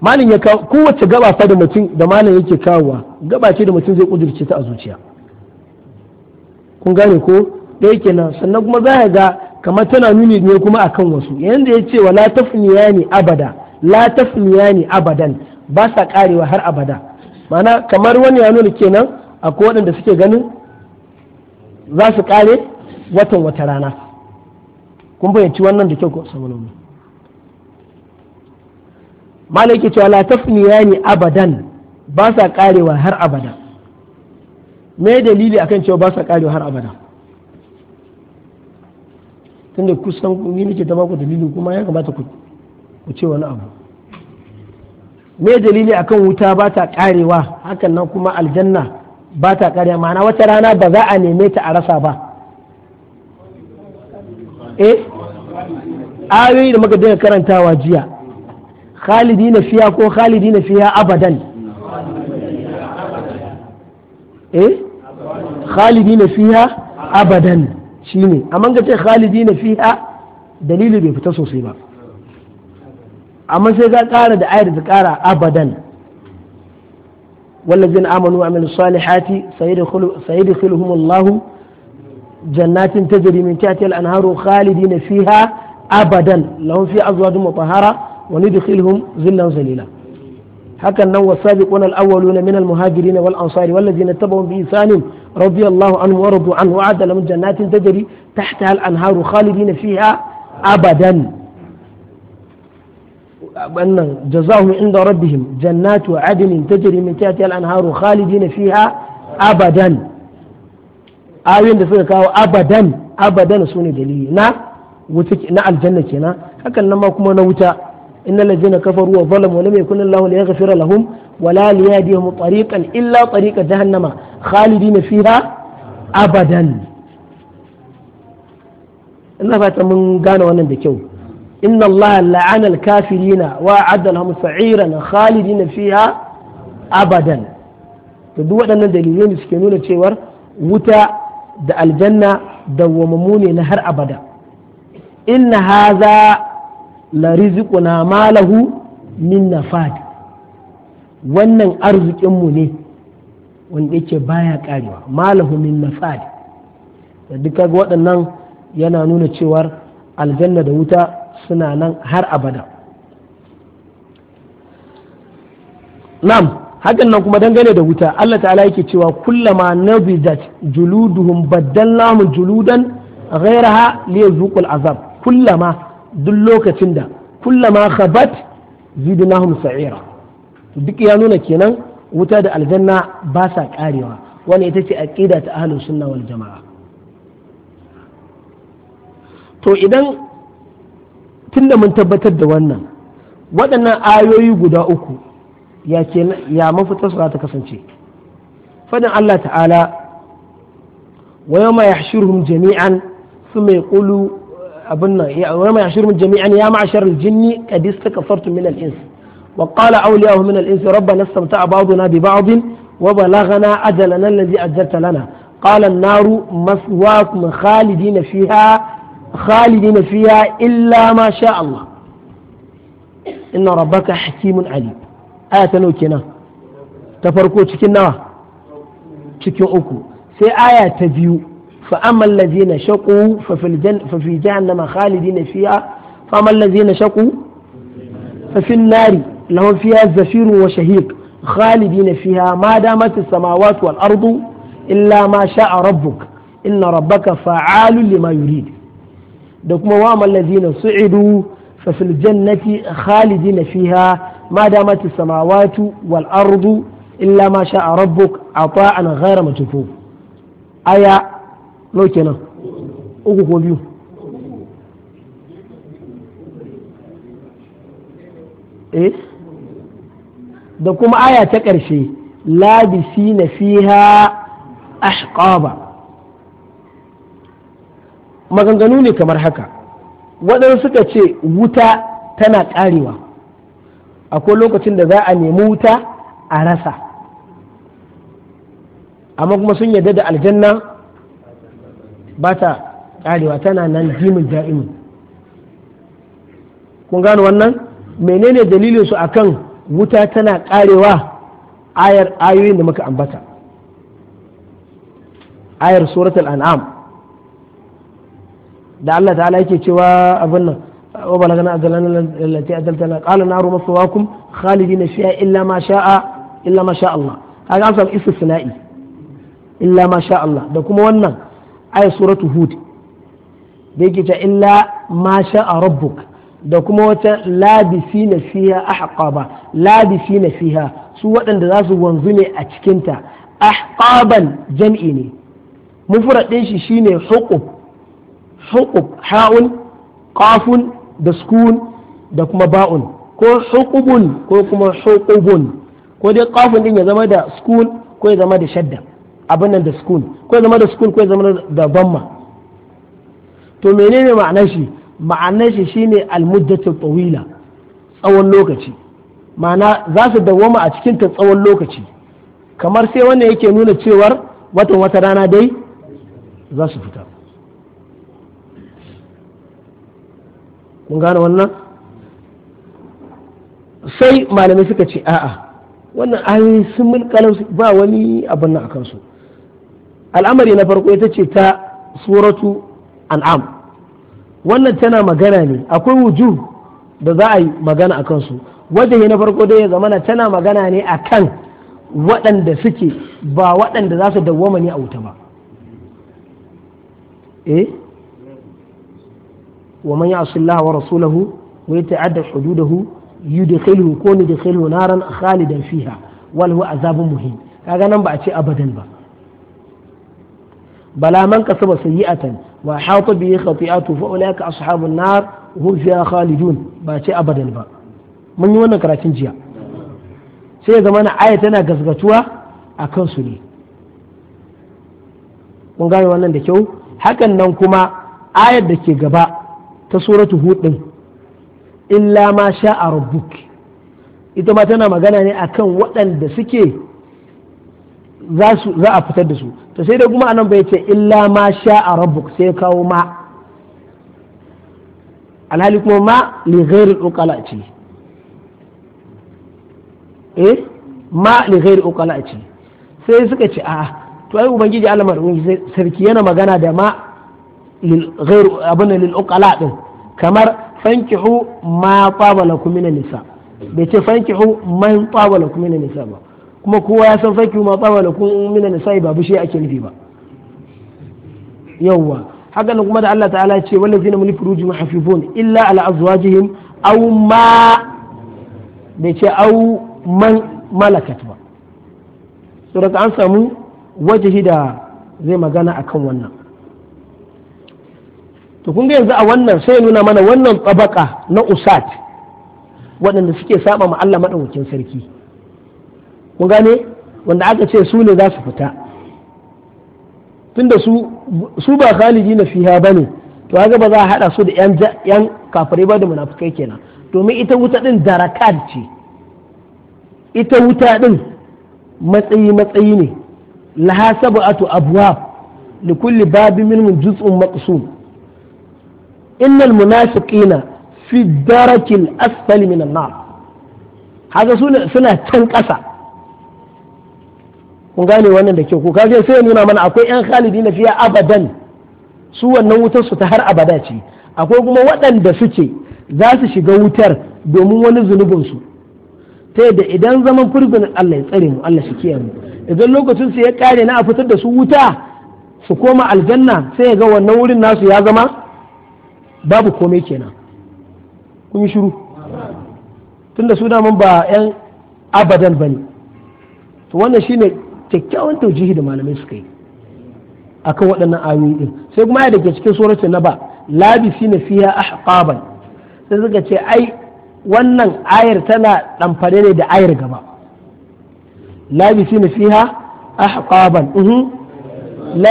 S1: malin ya kawo kowace gaba fa da mutum da malin yake kawowa gabace da mutum zai kudurce ta a zuciya kun gane ko da kenan, sannan kuma za ga kamar tana nuni ne kuma akan wasu yanda ya ce wa la tafniyani abada la tafniyani abadan ba sa karewa har abada mana kamar wani ya nuna kenan akwai waɗanda suke ganin za su kare watan wata rana kun fahimci wannan da kyau ko saboda mana yake cewa la tafniyani abadan ba sa karewa har abada me dalili akan cewa ba sa karewa har abada tunda kusan ni nake ta baku dalili kuma ya kamata ku ce wani abu me dalili akan wuta ba ta karewa hakan nan kuma aljanna ba ta karewa ma'ana wata rana ba za a neme ta a rasa ba eh ayoyi da muka dinga karantawa jiya khalidina fiya ko khalidina fiya abadan eh khalidina fiya abadan shi ne ga ce khalidi na fi dalili bai fita sosai ba amma sai ga ƙara da ayar da kara abadan wallazin amanu amil salihati sayyidu khuluhum allahu jannatin tajri min tahtiha al-anharu khalidina fiha abadan lahum fiha azwajun mutahhara wa nudkhiluhum zillan zalila hakan nan wasabiqun al-awwaluna min al-muhajirin wal ansari wallazina tabawu bi ihsan radiyallahu anhu wa radu anhu wa'ada lahum jannatin tajri tahtaha al-anharu khalidina fiha abadan wannan jazahum inda rabbihim jannatu adnin tajri min tahtiha al-anharu khalidina fiha abadan ayoyin da suka kawo abadan abadan sune dalili na wuta na aljanna kenan hakan nan ma kuma na wuta إن الذين كفروا وظلموا ولم يكن الله ليغفر لهم ولا ليهديهم طريقا إلا طريق جهنم خالدين فيها أبدا إن فات من قال وانا بكو إن الله لعن الكافرين وأعد لهم سعيرا خالدين فيها أبدا تدو أن دليلين سكنون تشيور وتا da aljanna dawwamamu ne na har abada inna haza la na malahu min nafad wannan arzikinmu ne wanda yake baya karewa malahu min nafad da duka waɗannan yana nuna cewar aljanna da wuta suna nan har abada nam hakan nan kuma dangane da wuta Allah ta'ala yake cewa kullama nabizat juluduhum baddalnahum juludan ghayraha liyazuqul azab kullama duk lokacin da kullama khabat zidnahum sa'ira to duk ya nuna kenan wuta da aljanna ba sa karewa wani ita ce aqida ta ahlus sunna wal jamaa to idan tunda mun tabbatar da wannan waɗannan ayoyi guda uku ya ke ya mafita su ta kasance fadin Allah ta'ala wa yawma yahshuruhum jami'an thumma yaqulu abin nan ya wa wama yashurun jami'an ya ma'ashar al-jinni qad istakfartum min al-ins wa qala awliyahu min al-ins rabbana istamta'a ba'duna bi ba'd wa balaghana ajalana alladhi ajjalta lana qala an-naru maswaakum khalidina fiha خالدين فيها إلا ما شاء الله إن ربك حكيم Ta farko cikin nawa? Cikin uku. Sai aya ta biyu. فأما الذين شقوا ففي, الجن ففي جهنم خالدين فيها فأما الذين شقوا ففي النار لهم فيها زفير وشهيق خالدين فيها ما دامت السماوات والأرض إلا ما شاء ربك إن ربك فعال لما يريد دكما وأما الذين صعدوا ففي الجنة خالدين فيها ما دامت السماوات والأرض إلا ما شاء ربك عطاء غير مجفوف آية nau kenan uku ko biyu eh da kuma aya ta ƙarshe labisi na fiha ashqaba maganganu ne kamar haka waɗansu suka ce wuta tana ƙarewa akwai lokacin da za a nemi wuta a rasa amma kuma sun yarda da aljanna ba ta karewa tana nan jimin ja'imin kun gano wannan menene dalilin su akan wuta tana karewa ayar ayoyin da muka ambata ayar surat an'am da Allah ta'ala yake cewa abin nan wa balagana azalana allati azaltana qala naru maswaakum khalidina fiha illa ma sha'a illa ma sha Allah kaga an samu istisna'i illa ma sha Allah da kuma wannan Aya suratu hud da yake ta illa ma sha'a rabbuk da kuma wata labisi na fiha ahqaba labisi na fiha su waɗanda za su wanzu ne a cikinta ahqaban jam'i ne mufrad shi shine huqub huqub ha'un qafun da sukun da kuma ba'un ko huqubun ko kuma huqubun ko dai qafun din ya zama da sukun ko ya zama da shadda abin nan da sukul ko zama da sukul ko zama da bamma to menene ma'ana shi ma'anar shi shine almuddatu tawila tsawon lokaci ma'ana za su dawoma a cikin ta tsawon lokaci kamar sai wannan yake nuna cewar watan wata rana dai za su fita kun gane wannan sai malamai suka ce a'a wannan ayoyi sun mulkalar ba wani abin nan a kansu al'amari na farko ita ce ta suratu an'am wannan tana magana ne akwai wujur da za a yi magana a kansu wajen na farko dai ya zamana tana magana ne a kan waɗanda suke ba waɗanda za su dawwama ne a wuta ba eh wa man ya'si Allah wa rasulahu wa yata'adda hududahu yudkhiluhu ko yudkhiluhu naran khalidan fiha wal huwa azabun muhin kaga nan ba a ce abadan ba بلا من كسب سيئة وحاط به خطيئته فأولئك أصحاب النار هم فيها خالدون باتي ba. با من يوانا كراتين جيا sai zamana aya tana gasgatuwa a kansu ne mun gane wannan da kyau hakan nan kuma ayar da ke gaba ta suratu hud illa ma sha a rabbuk ita ma tana magana ne akan waɗanda suke za a fitar da su to sai dai kuma anan bai ce illa ma sha'a rabbuk sai kawo ma alhali kuma ma li ghairi ukala ce eh ma li ghairi ukala ce sai suka ce a to ai ubangiji Allah madaukakin sarki yana magana da ma lil ghairi abin lil ukala din kamar fankihu ma qabala kum min nisa bai ce fankihu man qabala kum min nisa ba kuma kowa ya san fakihu ma tsawa da kun minan nisa'i ba shi ake nufi ba yawwa haka nan kuma da Allah ta'ala ya ce wallazi na mulki ruji hafifun illa ala azwajihim aw ma da ce aw man malakat ba ka an samu wajihi da zai magana akan wannan to kun ga yanzu a wannan sai nuna mana wannan tsabaka na usat waɗanda suke saba ma Allah madaukakin sarki kun gane wanda aka ce su ne za su fita tunda su ba khalidi na fiha ba ne to haka ba za a haɗa su da yan kafirai ba da munafukai kenan domin ita wuta ɗin darakat ce ita wuta ɗin matsayi matsayi ne laha sab'atu abwab da kulli babin minhum juz'un maqsum innal munafiqina fi darakil asfali minan nar haka suna can ƙasa kun gane wannan da ke ko kaje sai ya nuna mana akwai yan khalidi na fiya abadan su wannan wutar su ta har abada ce akwai kuma waɗanda suke za su shiga wutar domin wani zunubin su ta yadda idan zaman furbin Allah ya tsare mu Allah shi kiyaye idan lokacin su ya kare na a fitar da su wuta su koma aljanna sai ya ga wannan wurin nasu ya zama babu komai kenan kun yi shiru tunda su mun ba yan abadan bane to wannan shine kyakkyawan taujihi da malamai suka yi akan waɗannan ayoyi sai kuma ya dake cikin suratul naba labisi na fiha ahqaban sai suka ce ai wannan ayar tana ɗamfare ne da ayar gaba labisi na fiha ahqaban uhu la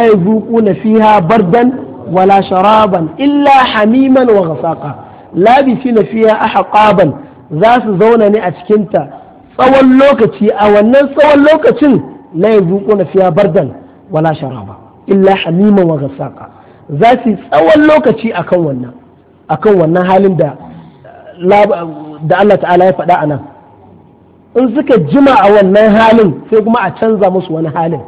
S1: na fiha bardan wala sharaban illa hamiman wa ghasaqa labisi na fiha ahqaban za su zauna ne a cikinta tsawon lokaci a wannan tsawon lokacin la yazuquna fiha bardan wala sharaba illa hamima wa ghasaqa za su tsawon lokaci akan wannan akan wannan halin da Allah ta'ala ya faɗa anan. nan in suka jima a wannan halin sai kuma a canza musu wani halin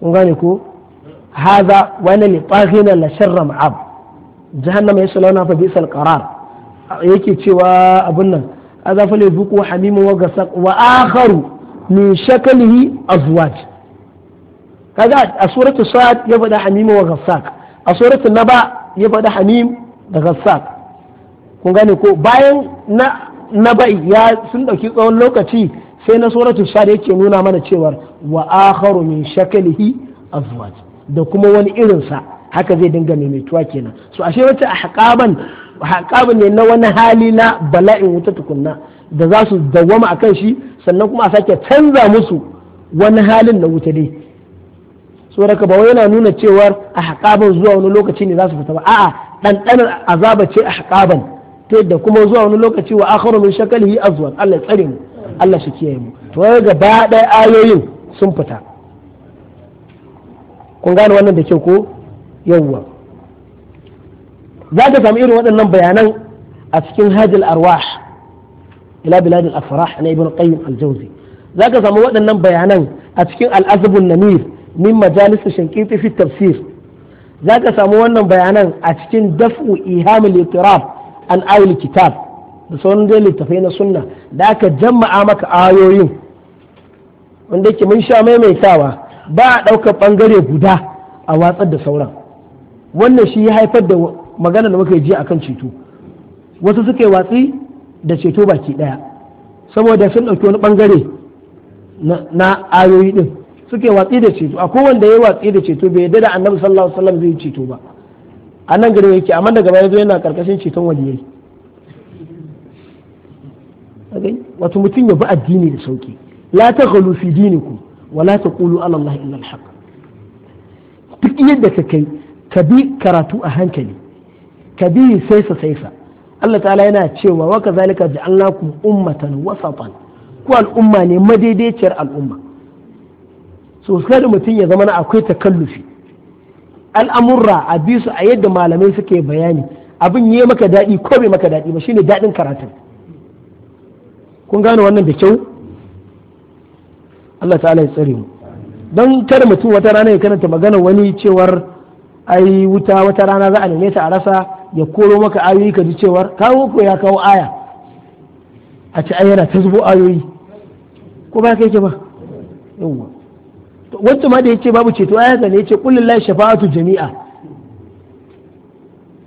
S1: kun gane ko haza wani ne tsahina la sharra ma'ab jahannama yaslawna fa bisal qarar yake cewa abun nan azafale buku hamimu wa gasaq wa akharu min shakalihi azwaj kaga a suratul sa'ad ya faɗa hamim wa ghassaq a suratul naba ya faɗa hamim da ghassaq kun gane ko bayan na naba'i ya sun dauki tsawon lokaci sai na suratul sad yake nuna mana cewar wa akharu min shakalihi azwaj da kuma wani irin sa haka zai dinga maimaituwa kenan so ashe wata ahqaban ahqaban ne na wani hali na bala'in wuta tukunna da za su dawwama a kan shi sannan kuma a sake canza musu wani halin na wuta dai so daga ba yana nuna cewar a haƙaban zuwa wani lokaci ne za su fita ba a'a ɗanɗanar azaba ce a haƙaban ta yadda kuma zuwa wani lokaci wa akharu min shakalihi azwar Allah ya tsare mu Allah shi kiyaye mu to gaba ɗaya ayoyin sun fita kun gane wannan da kyau ko yawwa za ka samu irin waɗannan bayanan a cikin hajjal arwah ila bilad al-afrah na ibn qayyim al-jawzi zaka samu waɗannan bayanan a cikin al-azbun namir min majalis shankiti fi tafsir zaka samu wannan bayanan a cikin daf'u iham al-itiraf an ayul kitab da sauran dai littafai na sunna da aka jama'a maka ayoyin wanda yake mun sha maimaitawa ba a ɗaukar ɓangare guda a watsar da sauran wannan shi ya haifar da magana da muka yi jiya akan ceto wasu suka yi watsi da ceto baki ɗaya saboda sun ɗauki wani ɓangare na ayoyi ɗin suke watsi da ceto a kowanne ya watsi da ceto bai yadda da annabi sallallahu alaihi wasallam zai ceto ba a nan gari yake amma daga baya zo yana karkashin ceton waliyai wato mutum ya bi addini da sauki la taghlu fi dinikum wa la taqulu ala allahi illa alhaq duk yadda ka kai ka bi karatu a hankali ka bi saisa saisa Allah ta'ala yana cewa wa kazalika ja'alnakum ummatan wasatan ku al'umma ne madaidaiciyar al'umma so sai mutum ya zama na akwai takallufi al'amurra a bisu a yadda malamai suke bayani abin yi maka daɗi ko bai maka daɗi ba shine daɗin karatu kun gane wannan da kyau Allah ta'ala ya tsare mu don kada mutum wata rana ya karanta magana wani cewar ai wuta wata rana za a neme ta a rasa ya koro maka ayoyi ka ji cewar kawo ko ya kawo aya a ci ayyana ta zubo ayoyi ko ba ka yake ba yawwa wacce ma da yake babu ceto ayansa ne ce qul lillahi shafa'atu jami'a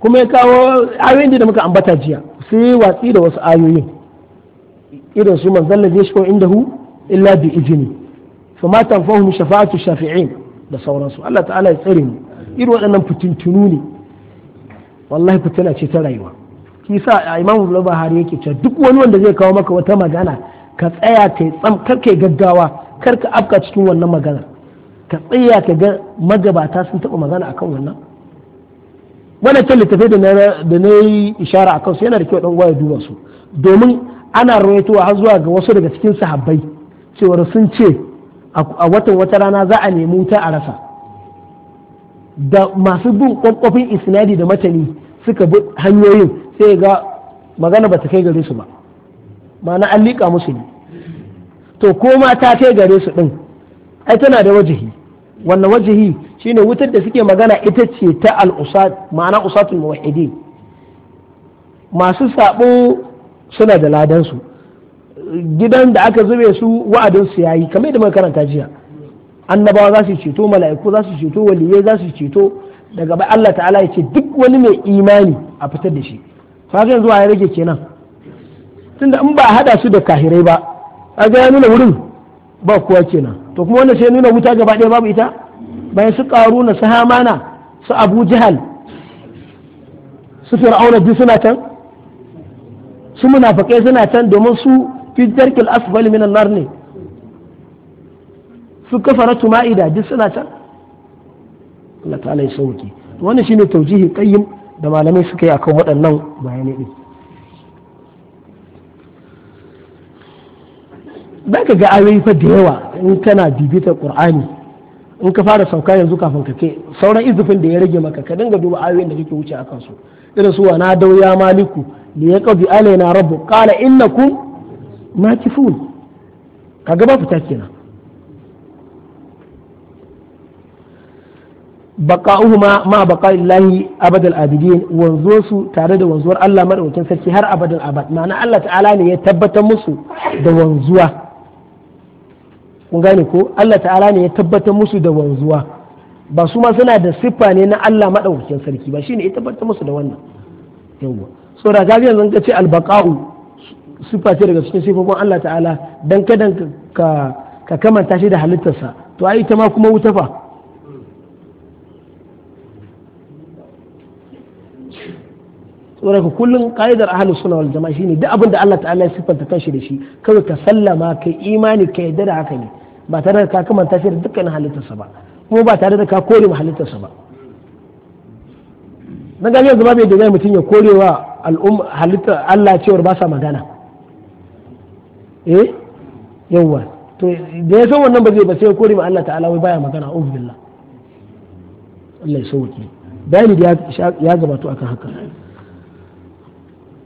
S1: kuma ya kawo ayoyin da muka ambata jiya sai watsi da wasu ayoyin irin su man shiko inda indahu illa bi izni ma tanfa'uhum shafa'atu shafi'in da sauransu Allah ta'ala ya tsare mu irin waɗannan fitintunu ne wallahi tana ce ta rayuwa kisa imam al-bahari yake cewa duk wani wanda zai kawo maka wata magana ka tsaya kai tsam kar kai gaggawa kar ka afka cikin wannan magana ka tsaya ka ga magabata sun taɓa magana akan wannan wannan can littafai da na yi ishara a su yana da kyau ɗan waya duba su domin ana rawaitowa har zuwa ga wasu daga cikin sahabbai cewa sun ce a watan wata rana za a nemi wuta a rasa da masu bin kwakwafin isnadi da matani suka bi hanyoyin sai ga magana ba ta kai gare su ba ma'ana an liƙa musu ne to ko ma ta kai gare su ɗin ai tana da wajihi wannan wajihi shine wutar da suke magana ita ce ta al'usat ma'ana usatul muwahhidin masu sabo suna da ladansu gidan da aka zube su wa'adin su yayi kamar da muka karanta jiya annabawa za su ceto mala'iku za su ceto waliyai za su ceto daga bai Allah ta'ala ya ce duk wani mai imani a fitar da shi kaga yanzu ya rage kenan tunda in ba a hada su da kahirai ba ga ya nuna wurin ba kowa kenan to kuma wannan sai nuna wuta gaba ɗaya babu ita bayan su karu na su hamana su abu jihal su fir'auna duk suna can su munafakai suna can domin su fi darkil asfali minan nar ne su kafaratu ma'ida duk suna can Allah ta'ala ya sauke wannan shine taujihi qayyim da malamai suka yi akan waɗannan bayanai din za ka ga ayoyi fa da yawa in kana bibita qur'ani in ka fara sauka yanzu kafin ka kai sauran izufin da ya rage maka ka dinga duba ayoyin da kake wuce akan su irin su wa na dau ya maliku li yaqdi alaina rabbu qala innakum makifun kaga ba fita kenan baka'uhuma ma baqa'illahi abadal abidin wanzo su tare da wanzuwar Allah madaukakin sarki har abadal abad ma'ana Allah ta'ala ne ya tabbatar musu da wanzuwa kun gane ko Allah ta'ala ne ya tabbatar musu da wanzuwa ba su ma suna da siffa ne na Allah madaukakin sarki ba shine ya tabbatar musu da wannan yawa so da ga yanzu ka ce baqa'u siffa ce daga cikin sifofin Allah ta'ala dan kadan ka ka kamanta shi da halittarsa to ai ita ma kuma wuta fa saboda ka kullum ka'idar ahlus suna wal jama'a shine duk abin da Allah ta'ala ya siffanta kanshi da shi kawai ka sallama ka imani ka yadda da haka ne ba tare da ka kamanta shi da dukkan halittarsa ba kuma ba tare da ka kore ma halittarsa ba na gani yanzu ba bai zai mutum ya korewa al'umma halitta Allah cewar ba sa magana eh yawa to da ya san wannan ba zai ba sai ya kore ma Allah ta'ala wai baya magana ubillah Allah ya sauke bayani da ya gabato akan haka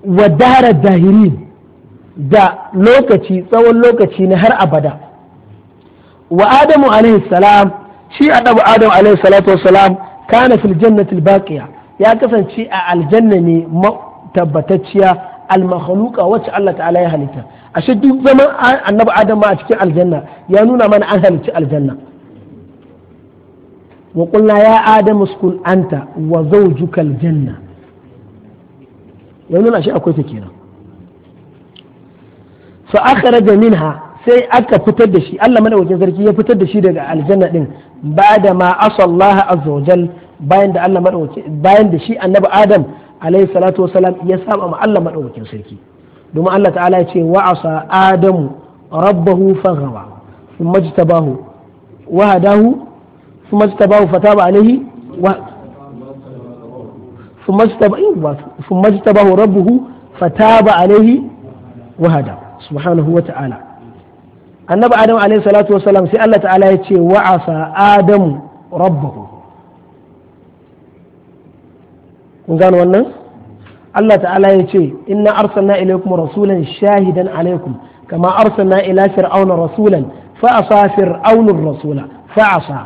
S1: Wadara dahiri zahirin da lokaci tsawon lokaci na har abada wa adamu alaihi salam shi adabu adam alaihi salatu wassalam kana fil jannati baqiya ya kasance a aljanna ne tabbatacciya al-makhluqa wacce Allah ta'ala ya halitta ashe duk zaman annabi adam a cikin aljanna ya nuna mana an halicci aljanna wa qulna ya adamu uskun anta wa zawjuka aljanna ya nuna shi akwai ta kenan fa akhraja minha sai aka fitar da shi Allah madaukakin sarki ya fitar da shi daga aljanna din ba'da ma asallaha azza wajal bayan da Allah madaukakin bayan da shi annabi Adam alayhi salatu wasalam ya saba ma Allah madaukakin sarki domin Allah ta'ala ya ce wa asa adamu rabbahu faghawa thumma jtabahu wa hadahu thumma jtabahu fataba alayhi ثم اجتباه ثم اجتباه ربه فتاب عليه وهدى سبحانه وتعالى النبي آدم عليه الصلاة والسلام سأل الله تعالى يتشي وعصى آدم ربه كنغان وانا الله تعالى يتشي إنا أرسلنا إليكم رسولا شاهدا عليكم كما أرسلنا إلى فرعون رسولا فعصى فرعون الرسول فعصى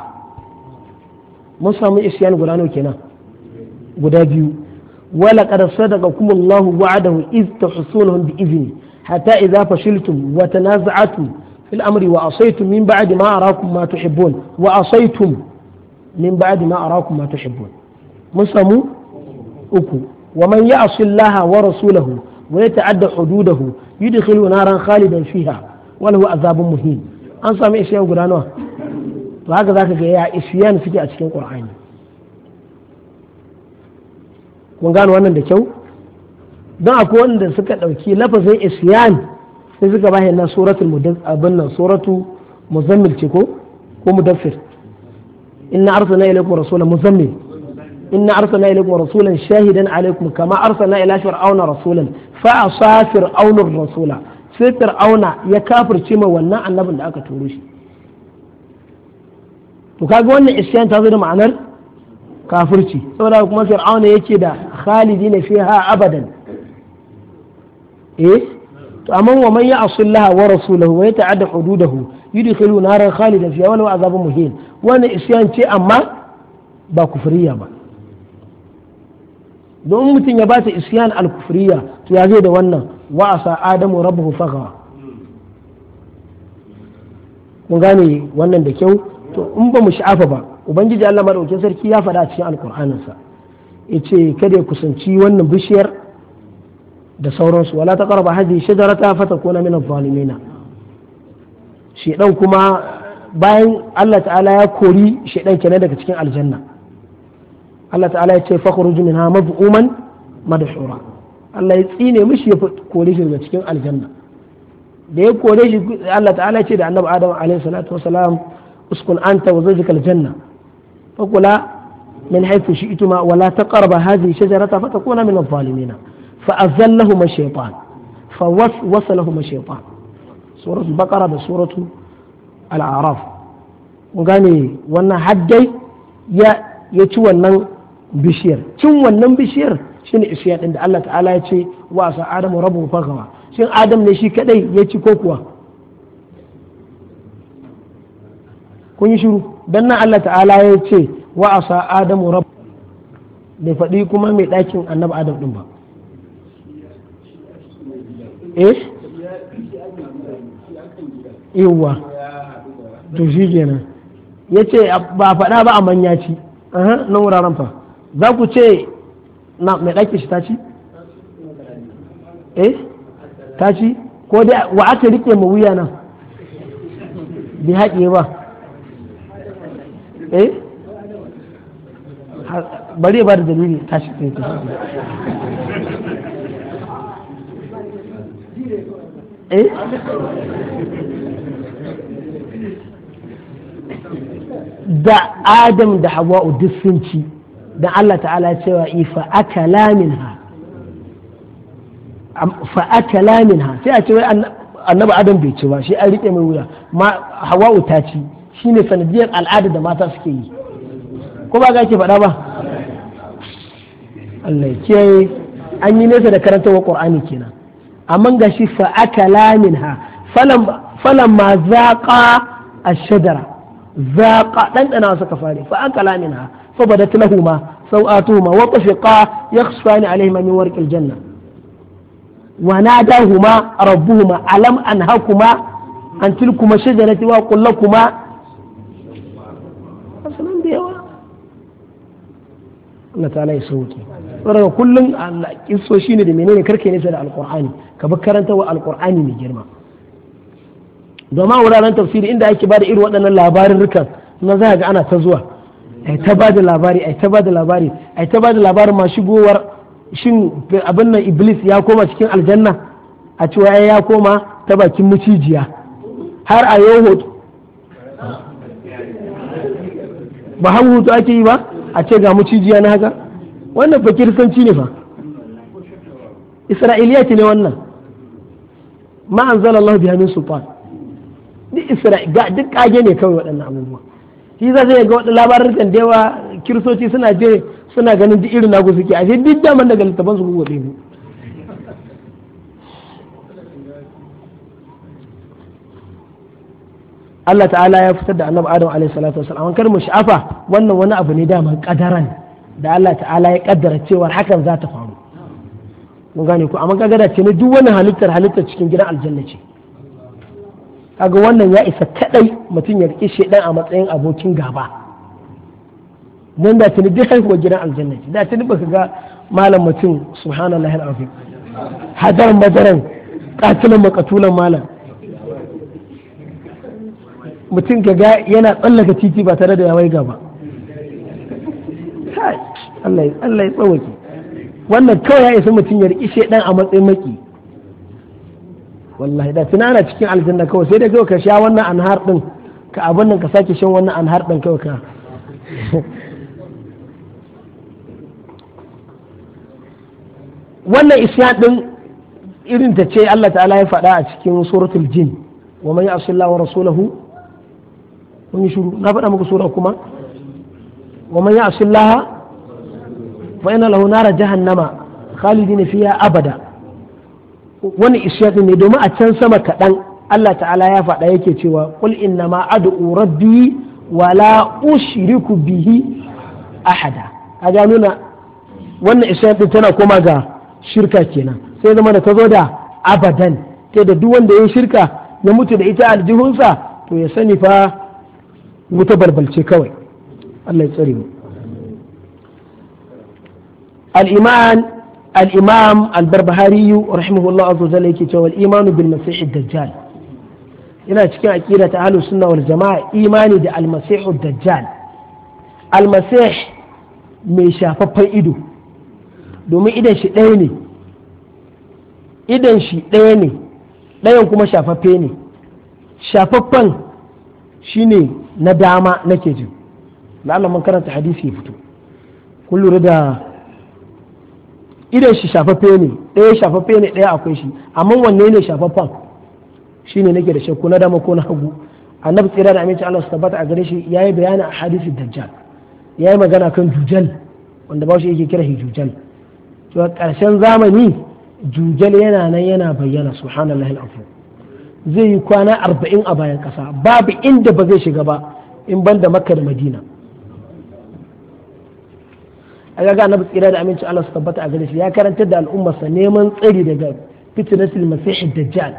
S1: mun samu isyan guda nawa kenan guda biyu wala qad sadaqakum Allahu wa'adahu iz tahsunahum bi izni hatta idza fashiltum wa tanaza'atum fil amri wa asaytum min ba'di ma arakum ma tuhibbun wa asaytum min ba'di ma arakum ma tuhibbun mun samu uku wa man ya'si Allah wa rasulahu wa yata'adda hududahu yudkhilu naran khalidan fiha wa lahu azabun muhin an sami isyan guda nawa to haka zaka ga ya isyan suke a cikin qur'ani kun gano wannan da kyau don akwai wanda suka ɗauki lafazin isyan sai suka bashi na suratul mudath abin nan suratu muzammil ce ko ko mudaffir inna arsalna ilaykum rasulan muzammil inna arsalna ilaykum rasulan shahidan alaykum kama arsalna ila fir'auna rasulan fa asa fir'auna rasula sai fir'auna ya kafirce ma wannan annabin da aka turo shi to kaga wannan isyan ta zo da ma'anar kafirci saboda kuma fir'auna yake da fi ha abadan eh to amma wa man ya'sul laha wa rasulahu wa yata'adda hududahu yudkhilu naran khalidan fiha wa lahu azabun muhin wannan isyan ce amma ba kufriya ba don mutum ya bata isyan al-kufriya to ya zai da wannan wa asa adamu rabbuhu fagha kun gane wannan da kyau to in ba mu sha'afa ba ubangiji Allah madaukakin sarki ya faɗa cikin alkur'aninsa ce kada ya kusanci wannan bishiyar da sauransu wala ta qaraba hadhihi shajarata fatakuna min adh-dhalimin shedan kuma bayan Allah ta'ala ya kori shedan kenan daga cikin aljanna Allah ta'ala ya ce fakhruj minha mad'uman madhura Allah ya tsine mishi ya kore shi daga cikin aljanna da ya kore shi Allah ta'ala ya ce da annabi Adam alaihi salatu wasalam uskun anta wa zawjukal aljanna. فكلا من حيث شئتما ولا تقرب هذه الشجرة فتكون من الظالمين فأذلهما الشيطان فوسوس لهما الشيطان سورة البقرة بسورة الأعراف gane wannan haddai ya ci wannan bishiyar cin wannan bishiyar shine ishiya din da Allah ta'ala ya ce wa sa adamu rabbu fagawa shin adam ne shi kaɗai ya ci ko kuwa kun yi shiru dan nan Allah ta'ala ya ce wa asa adamu rabb bai faɗi kuma mai ɗakin annabi adam ɗin ba eh yawa to shi kenan ya ce ba faɗa ba a manya ci nan wuraren fa za ku ce na mai ɗakin shi ta ci eh ta ci ko dai wa aka riƙe ma wuya nan
S2: bi haƙe ba eh
S1: bari ba da dalili tashi sai ta eh da adam da hawa'u duk sun ci da Allah ta'ala cewa ifa akala minha fa akala minha sai a ce wai annabi adam bai ci ba shi an rike mai wuya ma hawa'u ta ci shine sanadiyar al'ada da mata suke yi ko ba ga ke faɗa ba Allah ya an yi nesa da karantarwa qur'ani kenan amma ga shi fa akala minha falan ma zaqa ash-shajara zaqa dan dana suka fare fa akala minha fa badat lahumu سوآتهما وطفقا يخصفان عليهما من ورق الجنة وناداهما ربهما ألم أنهكما عن تلكما wa وأقول لكما Allah ta'ala ya sauke saboda kullum kisso shine da menene karke nesa da alqur'ani ka bi karanta wa alqur'ani mai girma domin wuraren tafsiri inda ake bada irin waɗannan labarin rukan na za ga ana ta zuwa ai ta bada labari ai ta bada labari ai ta bada labarin ma shigowar shin abin nan iblis ya koma cikin aljanna a cewa ya koma ta bakin mucijiya har a yau ba hau hutu ake yi ba a ce ga mu cijiya na haka wannan fa kiristanci ne fa isra'iliyat ne wannan ma Allah biya min sultan duk isra'il duk kage ne kawai waɗannan abubuwa shi za zai ga waɗannan labarin kan yawa kiristoci suna je suna ganin duk irin nagu suke a duk daman daga littafan su gobe ne Allah ta'ala ya fitar da annabi Adam alaihi salatu wasallam kar mu sha'afa wannan wani abu ne daman kadaran da Allah ta'ala ya kaddara cewa hakan za ta faru mun gane ku amma kaga da ce ne duk wani halittar halittar cikin gidan aljanna ce kaga wannan ya isa kadai mutum ya rike shedan a matsayin abokin gaba Nan da tuni duk haihuwar gidan aljanna ce da tuni baka ga malam mutum subhanallahi alazim
S2: hadar madaran
S1: katilan makatulan malam mutum ka ga yana tsallaka titi ba tare da ya waiga ba Allah ya tsawaki wannan kawai ya isa mutum ya riƙi ɗan a matsayin maki wallahi da tuna ana cikin aljanna kawai sai da kawai ka sha wannan anhar ɗin ka abin nan ka sake shan wannan anhar ɗin kawai ka wannan isya ɗin irin ta ce Allah ta'ala ya faɗa a cikin suratul jin wa man ya'sil wa rasulahu kun yi shiru na faɗa muku sura kuma wa man ya'sil laha fa inna lahu nara jahannama khalidin fiha abada wani isyaqi ne domin a can sama kaɗan Allah ta'ala ya faɗa yake cewa qul inna ma ad'u rabbi wa la ushriku bihi ahada kaga nuna wannan isyaqi tana koma ga shirka kenan sai zama da ta zo da abadan sai da duk wanda ya shirka ya mutu da ita aljihunsa to ya sani fa wuta barbalce kawai Allah ya tsare mu al-iman al-imam al-barbahari rahimahullah azza wa yake cewa al-iman bil masih dajjal yana cikin aqida ta ahlus sunna wal jamaa imani da al-masih dajjal al-masih mai shafaffen ido domin idan shi ɗaya ne idan shi ɗaya ne ɗayan kuma shafaffe ne shafaffen shine na dama nake jin la'alla mun karanta hadisi ya fito kun lura da idan shi shafaffe ne ɗaya shafaffe ne ɗaya akwai shi amma wanne ne shafaffen shine nake da shakku na dama ko na hagu annabi tsira da aminci Allah su tabbata a gare shi yayi bayani a hadisi dajjal yayi magana kan jujal wanda ba shi yake kira jujal, to karshen zamani jujal yana nan yana bayyana subhanallahi alazim zai yi kwana arba'in a bayan ƙasa babu inda ba zai shiga ba in ban da makka da madina a ga na tsira da amincin Allah su tabbata a gare shi ya karantar da al'ummarsa neman tsari daga fitnatul da dajjal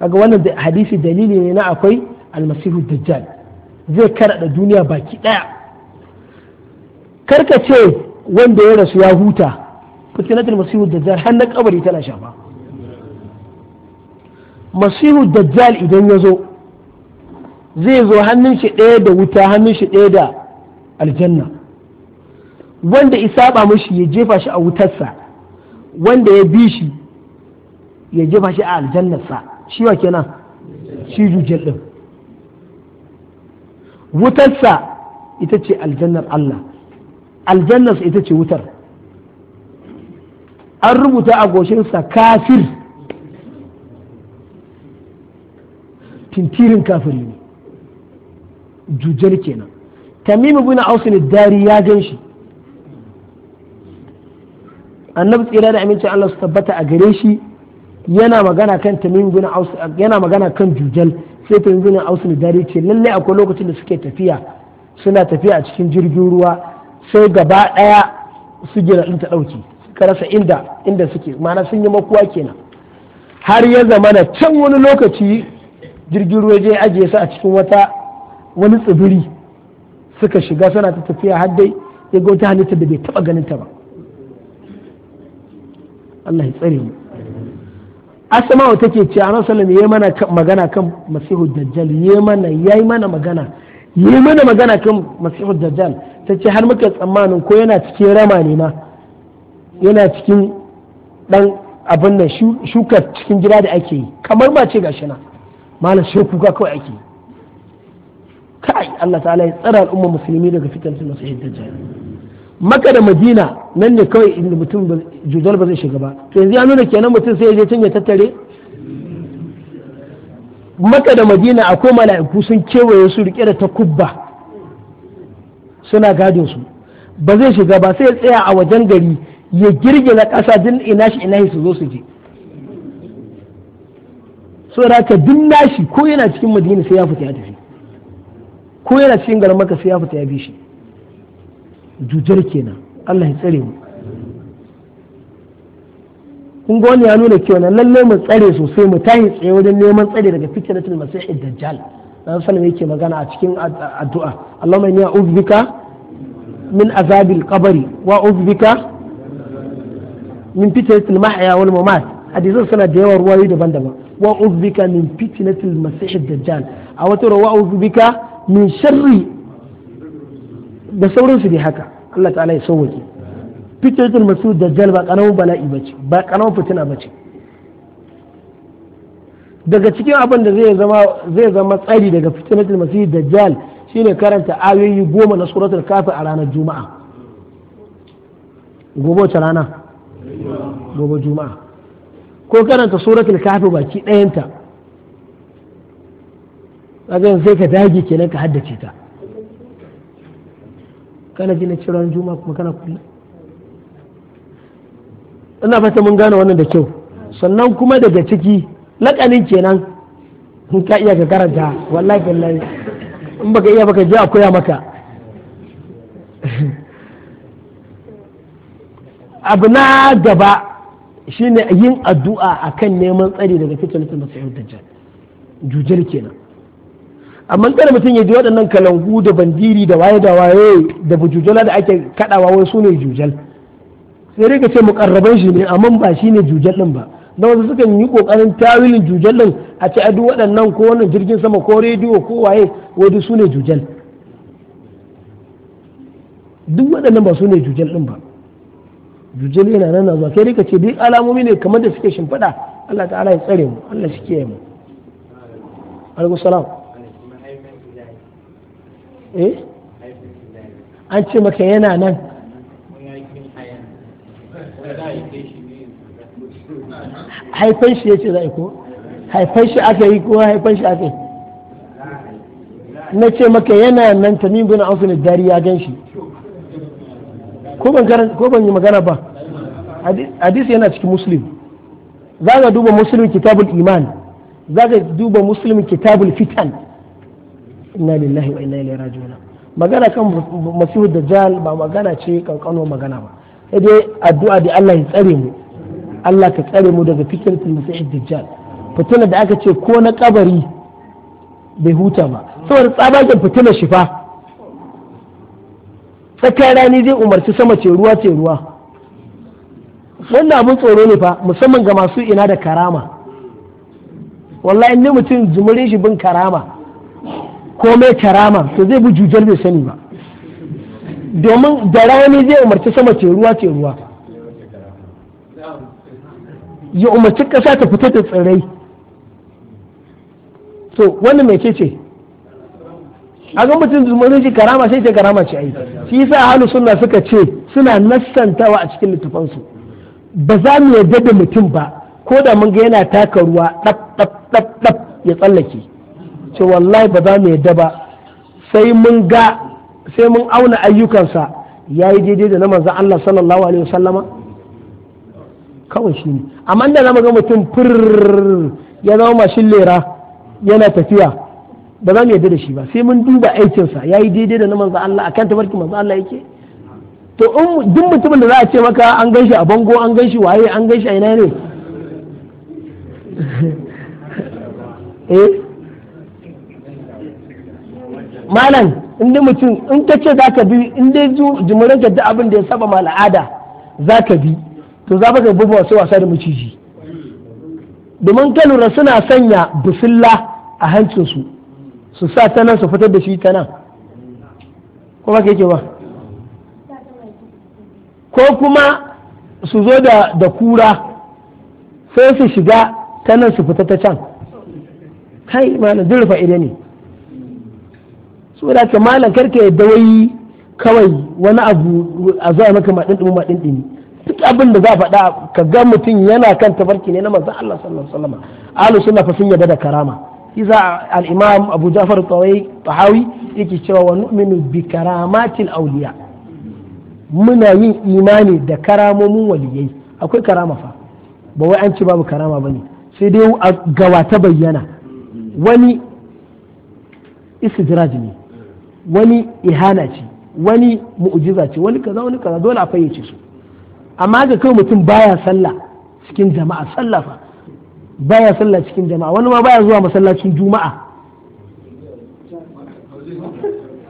S1: kaga wannan hadisi dalili ne na akwai almasihu dajjal zai karada duniya baki daya karka ce wanda ya rasu ya huta fitnatul masihu dajjal har na kabari tana shafa masihu dajjal idan ya zo zai zo hannun shi ɗaya da wuta hannun shi ɗaya da aljanna wanda isaba mashi ya jefa shi a wutarsa wanda ya bi shi ya jefa shi a aljannarsa shi wa kenan shi jujjal ɗin wutarsa ita ce aljannar Allah aljannarsa ita ce wutar an rubuta a goshinsa kafir tintirin kafiri ne jujjar kenan tamimu bin ausin dari ya gan shi annabi tsira da amincin Allah su tabbata a gare shi yana magana kan tamimu bin yana magana kan jujal sai tamimu bin ausin dari ce lalle akwai lokacin da suke tafiya suna tafiya a cikin jirgin ruwa sai gaba daya su gina ta dauki karasa rasa inda inda suke ma'ana sun yi makuwa kenan har ya zama na can wani lokaci jirgin ruwa je ajiye su a cikin wata wani tsibiri suka shiga suna ta tafiya har dai ya ga wata halitta da bai taba ganin ta ba Allah ya tsare mu asma'u take ce anan sallam yayi mana magana kan masihu dajjal yayi mana yayi mana magana yayi mana magana kan masihu dajjal tace har muka tsammanin ko yana cikin rama ne ma yana cikin dan abin nan shukar cikin gida da ake yi kamar ba ce gashi na malam shi kuka kawai ake kai Allah ta'ala ya tsara al'umma musulmi daga fitan su masu dajjal maka da madina nan ne kawai inda mutum jujjal ba zai shiga ba to yanzu ya nuna kenan mutum sai ya je ya tattare maka da madina akwai mala'iku sun kewaye su rike da takubba suna gadin su ba zai shiga ba sai ya tsaya a wajen gari ya girgiza kasa din ina shi ina shi su zo su je saboda haka duk nashi ko yana cikin madina sai ya fita ya tafi ko yana cikin garin maka sai ya fita ya bi shi jujar kenan Allah ya tsare mu kun ga wani ya nuna cewa lalle mu tsare sosai mu tahi tsaye wajen neman tsare daga fitnatul masih dajjal dan sallallahu yake magana a cikin addu'a Allahumma inni a'udhu bika min azabil qabri wa a'udhu bika min fitnatul mahya wal mamat hadisan suna da yawa ruwayoyi daban-daban wa uzbika min fitnatil masih dajjal a wata rawa uzbika min sharri da sauransu dai haka Allah ta'ala ya sauwake fitnatul masih dajjal ba karamin bala'i bace ba karamin fitina bace daga cikin abin da zai zama zai zama tsari daga fitnatul masih dajjal shine karanta ayoyi goma na suratul kafir a ranar juma'a gobe wace rana gobe juma'a ko karanta suratul kahfi baki ɗayanta kaga sai ka dage kenan ka haddace ta kana gina ciran juma kuma kana kula ina fata mun gane wannan da kyau sannan kuma daga ciki lakanin kenan in ka iya ka karanta wallahi billahi in baka iya baka je a koya maka abu na gaba ne yin addu'a a kan neman tsari daga fitnatul masih dajjal jujal kenan amma tsara mutum ya ji waɗannan kalangu da bandiri da waye da waye da bujujala da ake kaɗawa wai su ne jujal sai rika ka ce mukarraban shi ne amma ba shi ne jujal ɗin ba na wasu sukan yi kokarin tawilin jujal ɗin a ce adu waɗannan ko wannan jirgin sama ko rediyo ko waye wadu su ne jujal duk waɗannan ba su ne jujal din ba jujjal yana nan zuwa dai ka ce duk alamomi ne kamar da suke shimfiɗa Allah ta'ala ya tsare mu Allah shi ke mu alaikum salam eh
S2: an ce maka yana
S1: nan haifan shi ya ce za ko haifan shi aka yi ko haifan shi aka yi
S2: na ce maka yana nan
S1: tamim bin aufin dariya ya gan shi
S2: ko
S1: ban yi magana ba hadisi yana cikin muslim za ka duba muslim kitabul iman za ka duba muslim kitabul fitan inna lillahi wa inna ilaihi raji'un magana kan masihu dajjal ba magana ce kankano magana ba sai dai addu'a da Allah ya tsare mu Allah ka tsare mu daga fikratul masihu dajjal fitilar da aka ce ko na kabari bai huta ba saboda tsabagen fitilar shifa tsakiyar rani zai umarci sama ce ruwa ce ruwa wannan abin tsoro ne fa musamman ga masu ina da karama wallahi inda mutum zumurin shi bin karama
S2: ko mai karama
S1: to zai bi jujjar bai sani ba domin da rani zai umarci sama ce ruwa ce ruwa ya umarci ƙasa ta fita da tsirrai to wannan mai ce kaga mutum zumurin shi karama sai ce karama ce aiki shi yasa ahlus sunna suka ce suna nassantawa a cikin littafan su ba za mu yarda da mutum ba ko da mun ga yana taka ruwa dab dab dab dab ya tsallake ce wallahi ba za mu yarda ba sai mun ga sai mun auna ayyukansa ya yi daidai da na manzon Allah sallallahu alaihi wasallama kawai shi ne amma da na ga mutum fir ya zama mashin lera yana tafiya ba za mu yarda da shi ba sai mun duba aikinsa ya yi daidai da na manzo Allah akan barki manzo Allah yake to in duk mutumin da za a ce maka an gan shi a bango an gan shi waye an gan shi a ina ne eh malam in dai mutum in ka ce za ka bi in dai jimurin ka duk abin da ya saba ma al'ada za ka bi to za ka bi wasu wasa da maciji domin ka lura suna sanya busulla a hancinsu su sa ta nan su fitar da shi ta nan ko ba ke ba ko kuma su zo da kura sai su shiga ta nan su fita ta can kai malam zai rufa ido ne da ka malam karka yadda wai kawai wani abu a zuwa maka maɗin ɗumi maɗin ɗumi duk abin da za a faɗa ka ga mutum yana kan tafarki ne na manzon Allah sallallahu alaihi wasallam ahlus sunna fa sun yaba da karama Iza al-imam abu jafar tahawi yake cewa wa nu'minu bi karamatil awliya muna yin imani da karamomin waliyai akwai karama fa ba wai an ce babu karama bane sai dai a gawa ta bayyana wani istidraj ne wani ihana ce wani mu'jiza ce wani kaza wani kaza dole a fayyace su amma ga kai mutum baya sallah cikin jama'a sallah fa baya sallah cikin jama'a wani ma baya zuwa masallacin juma'a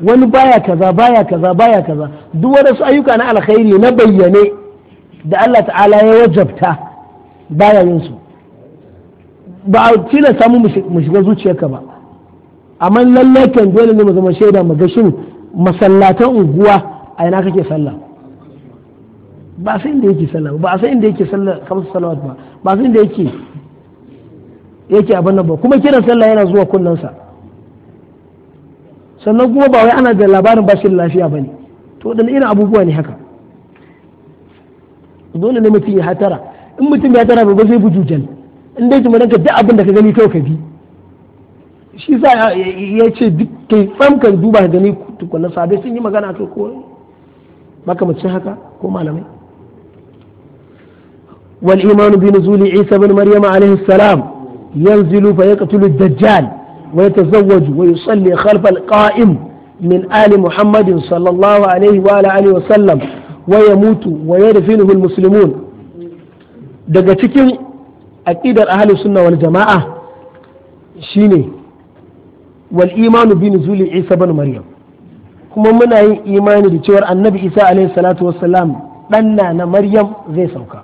S1: wani baya kaza baya kaza baya kaza duk wadansu ayyuka na alkhairi na bayyane da Allah ta'ala ya wajabta baya yin su ba a samu mu shiga zuciyarka ba amma lallai kan dole ne mu zama shaida mu ga shin masallatan unguwa a ina kake sallah ba sai inda yake sallah ba sai inda yake sallah kamar salawat ba ba sai inda yake yake abin nan ba kuma kiran sallah yana zuwa kunnensa sannan kuma ba wai ana da labarin bashin lafiya ba ne to waɗanda irin abubuwa ne haka dole ne mutum ya hatara in mutum ya hatara ba zai bujujal in dai tumanin ka duk abin da ka gani kai ka bi shi sa ya ce duk kai tsam kan duba ka gani tukunna sabai sun yi magana a ko makamacin haka ko malamai والإيمان بنزول عيسى بن مريم عليه السلام ينزل فيقتل الدجال ويتزوج ويصلي خلف القائم من آل محمد صلى الله عليه وعلى آله وسلم ويموت ويدفنه المسلمون daga cikin aƙidar ahalus sunna wal jama'a shine wal imanu bi nuzuli isa bin maryam kuma muna yin imani da cewar annabi isa alaihi salatu wassalam ɗanna na maryam zai sauka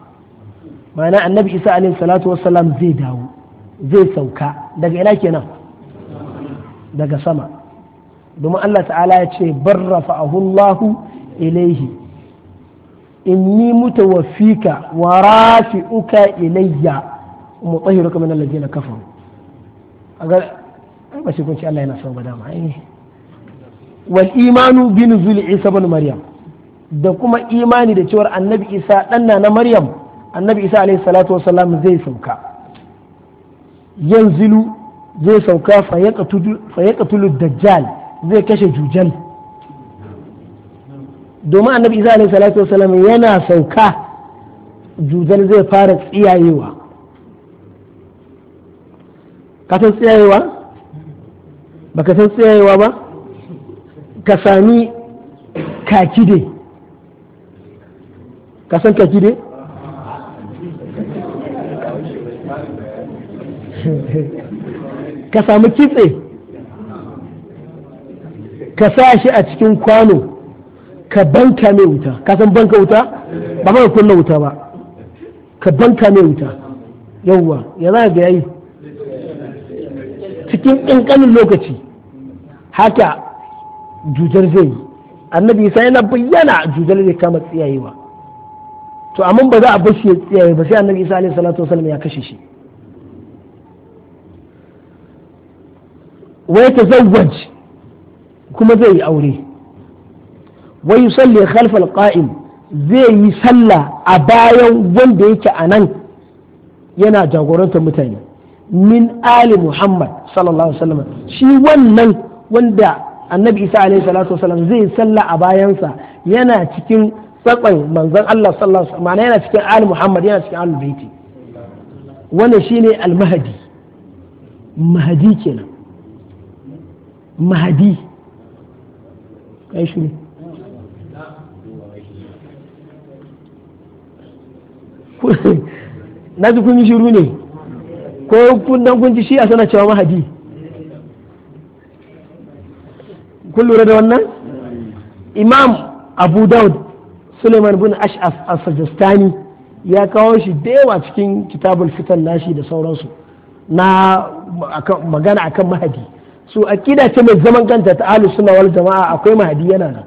S1: ma'ana annabi isa alaihi salatu zai dawo zai sauka daga ina kenan daga sama domin Allah ta'ala ya ce barrafa ahullahu ilaihi inni mutawaffika wa rafi'uka ilayya mutahhiruka min alladhina kafaru agar ai ba shi kunci Allah yana ba dama eh wal imanu bi nuzul isa ibn maryam da kuma imani da cewar annabi isa danna na maryam annabi isa alaihi salatu wassalam zai sauka yanzilu zai sauka fayaqtulu dajjal zai kashe jujal domin annabi isa alaihi salatu wasalam yana sauka jujal zai fara tsiyayewa ka san tsiyayewa ba ka san tsiyayewa ba ka sami kakide ka san kakide
S2: ka
S1: samu kitse ka sa shi a cikin kwano ka banka mai wuta ka san banka wuta ba ma kunna wuta ba ka banka mai wuta yawwa ya za ga yayi cikin ƙanƙanin lokaci haka jujar zai yi annabi isa yana bayyana jujar zai kama tsiyayewa to amma ba za a bashi ya tsiyaye ba sai annabi isa alaihi salatu wasallam ya kashe shi wa yatazawwaj kuma zai yi aure wa yusalli khalfal qa'im zai yi sallah a bayan wanda yake a nan yana jagorantar mutane min ali muhammad sallallahu alaihi wasallam shi wannan wanda annabi isa alaihi salatu wasallam zai sallah a bayansa yana cikin tsakon manzon Allah sallallahu alaihi wasallam yana cikin ali muhammad yana cikin al baiti wannan shine al mahdi mahdi kenan mahadi kai shiru na ji kun shiru ne ko kun dan kun ji shi a sana cewa mahadi kun lura da wannan imam abu daud suleiman bin ash'af al sajistani ya kawo shi da yawa cikin kitabul fitan nashi da sauransu na magana akan mahadi su akida ce mai zaman kanta ta ahlus sunna wal jama'a akwai mahadi yana nan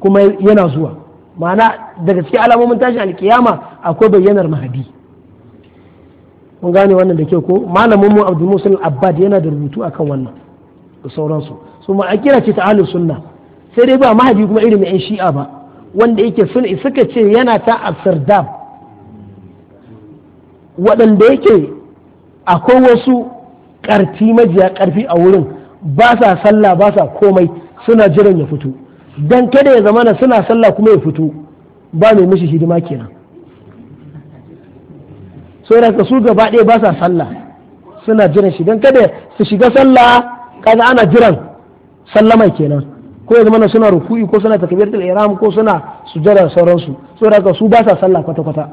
S1: kuma yana zuwa ma'ana daga cikin alamomin tashin alkiyama akwai bayyanar mahadi mun gane wannan da kyau ko malamin mu Abdul Musul Abbad yana da rubutu akan wannan da sauransu su ma akida ce ta ahlus sunna sai dai ba mahadi kuma irin mai shi'a ba wanda yake sun suka ce yana ta Amsterdam waɗanda yake akwai wasu ƙarfi majiya ƙarfi a wurin ba sa sallah ba sa komai suna jiran ya fito dan kada ya zamana suna sallah kuma ya fito ba mai mishi hidima kenan saboda ka su gaba ɗaya ba sa sallah suna jiran shi dan kada su shiga sallah kaga ana jiran sallama kenan ko ya zamana suna ruku'i ko suna takbiratul ihram ko suna sujada sauransu saboda ka su ba sa sallah kwata kwata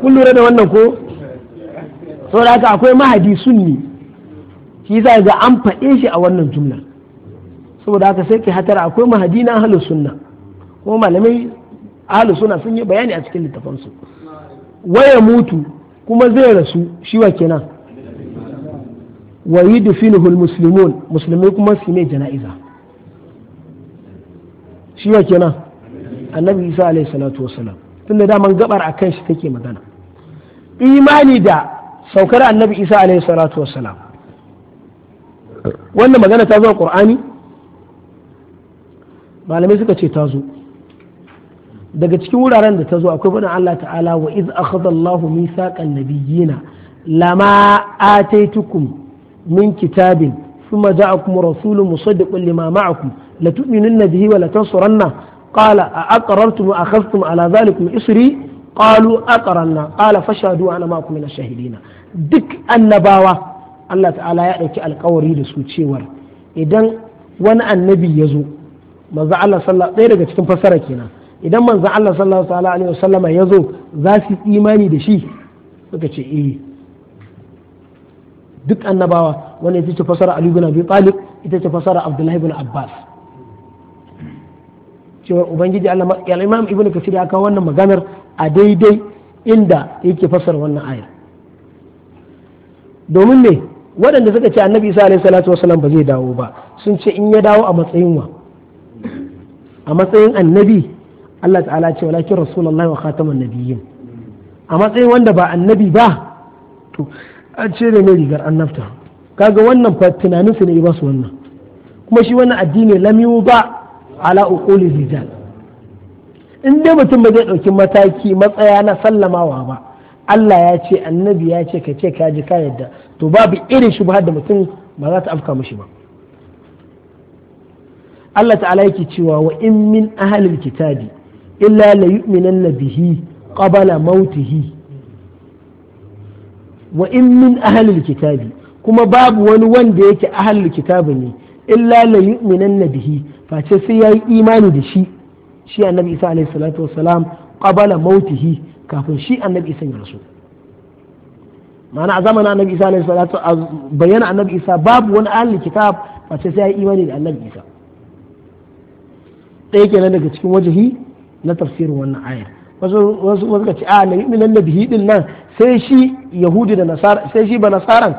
S1: kun lura da wannan ko saboda haka akwai mahadi sunni shi za ga an faɗe shi a wannan jumla saboda haka sai ke hatara akwai mahadi na ahlus sunna kuma malamai ahlus sunna sun yi bayani a cikin littafansu waya mutu kuma zai rasu shi wa kenan wa yudfinuhu almuslimun musulmai kuma su ne jana'iza shi wa kenan annabi isa alaihi salatu tun tunda daman gabar akan shi take magana imani da saukar annabi isa alaihi salatu wassalam wannan magana ta zo qur'ani malamai suka ce ta zo daga cikin wuraren da ta zo akwai faɗin Allah ta'ala wa iz akhadha Allahu mithaqan nabiyyina lama ataitukum min kitabin thumma ja'akum rasulun musaddiqun lima ma'akum la tu'minunna bihi wa la tansurunna qala a aqrartum wa akhadhtum ala dhalikum isri qalu aqranna qala fashhadu ana ma'akum min ash-shahidin duk annabawa Allah ta'ala ya ɗauki alƙawari da su cewar idan wani annabi ya zo manzo Allah sallallahu ɗaya daga cikin fassara kenan idan manzo Allah sallallahu alaihi wasallam ya zo za su imani da shi suka ce eh duk annabawa wani ita ce fasara Ali bin Abi Talib ita ce fasara Abdullahi bin Abbas cewar ubangiji imam ya wannan maganar a daidai inda yake fasar wannan aya domin ne waɗanda suka ce annabi isa alaihi salatu wasalam ba zai dawo ba sun ce in ya dawo a matsayin wa a matsayin annabi Allah ta'ala ce walakin rasulullahi wa khataman nabiyyin a matsayin wanda ba annabi ba to an ne mai rigar annabta kaga wannan fa tunanin su ne ba su wannan kuma shi wannan addini lam ba ala uquli rijal in dai mutum ba zai ɗauki mataki matsaya na sallamawa ba Allah ya ce annabi ya ce ka ce ka ji ka yadda to babu irin shi da mutum ba za ta afka mishi ba Allah ta'ala yake cewa wa in min ahlil kitabi illa la yu'minanna bihi qabla mautihi wa in min ahlil kitabi kuma babu wani wanda yake ahlul kitabi ne illa la yu'minanna bihi face sai yayi imani da shi shi annabi isa alayhi salatu wassalam qabala mautihi kafin shi annabi isa ya rasu ma'ana a zamanin annabi isa alayhi salatu a bayyana annabi isa babu wani ahli kitab face sai ya yi imani da annabi isa ɗaya kenan daga cikin wajahi na tafsirin wannan ayar wasu wasu ka ce a ah, la yu'minu nabihi din nan sai shi yahudi da nasara sai shi ba nasaran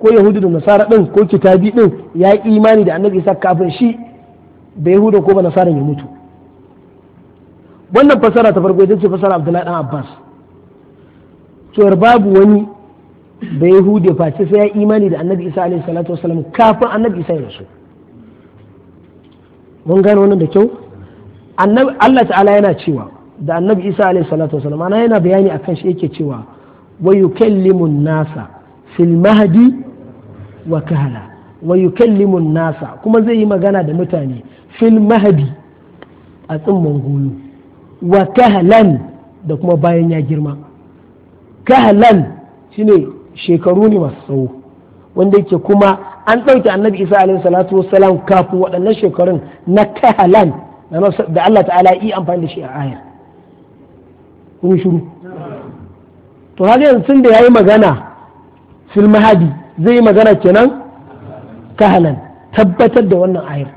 S1: ko yahudi da nasara din ko kitabi din ya yi imani da annabi isa kafin shi ba yahuda ko ba nasaran ya mutu wannan fasara ta farko ita ce fasara abdullahi dan abbas cewar babu wani da yahudi face sai ya imani da annabi isa alaihi salatu wasallam kafin annabi isa ya rasu mun gano wannan da kyau annabi Allah ta'ala yana cewa da annabi isa alaihi salatu wasallam ana yana bayani akan shi yake cewa wa yukallimun nasa fil mahdi wa kahla wa yukallimun nasa kuma zai yi magana da mutane fil mahdi a tsimman goyo wa kahlan da kuma bayan ya girma kahlan shine shekaru ne masu tsawo wanda yake kuma an ɗauke annabi isa alayhi salatu wassalam kafin waɗannan shekarun na kahlan da Allah ta'ala yi amfani da shi a aya kun shiru to haka yanzu tun da yayi magana fil mahadi zai yi magana kenan kahlan tabbatar da wannan ayar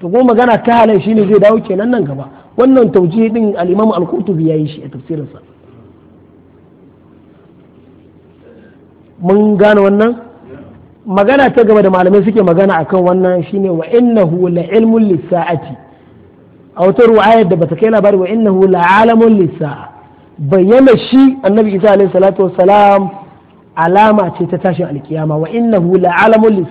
S1: to magana ta halai shine zai dawo kenan nan gaba wannan tauji din al-Imam al-Qurtubi yayi shi a tafsirinsa mun gane wannan magana ta gaba da malamai suke magana akan wannan shine wa innahu la ilmun lis-sa'ati a wata da bata kai labari wa innahu la alamun lis bayyana shi annabi Isa alaihi salatu wassalam alama ce ta tashin alkiyama wa innahu la alamun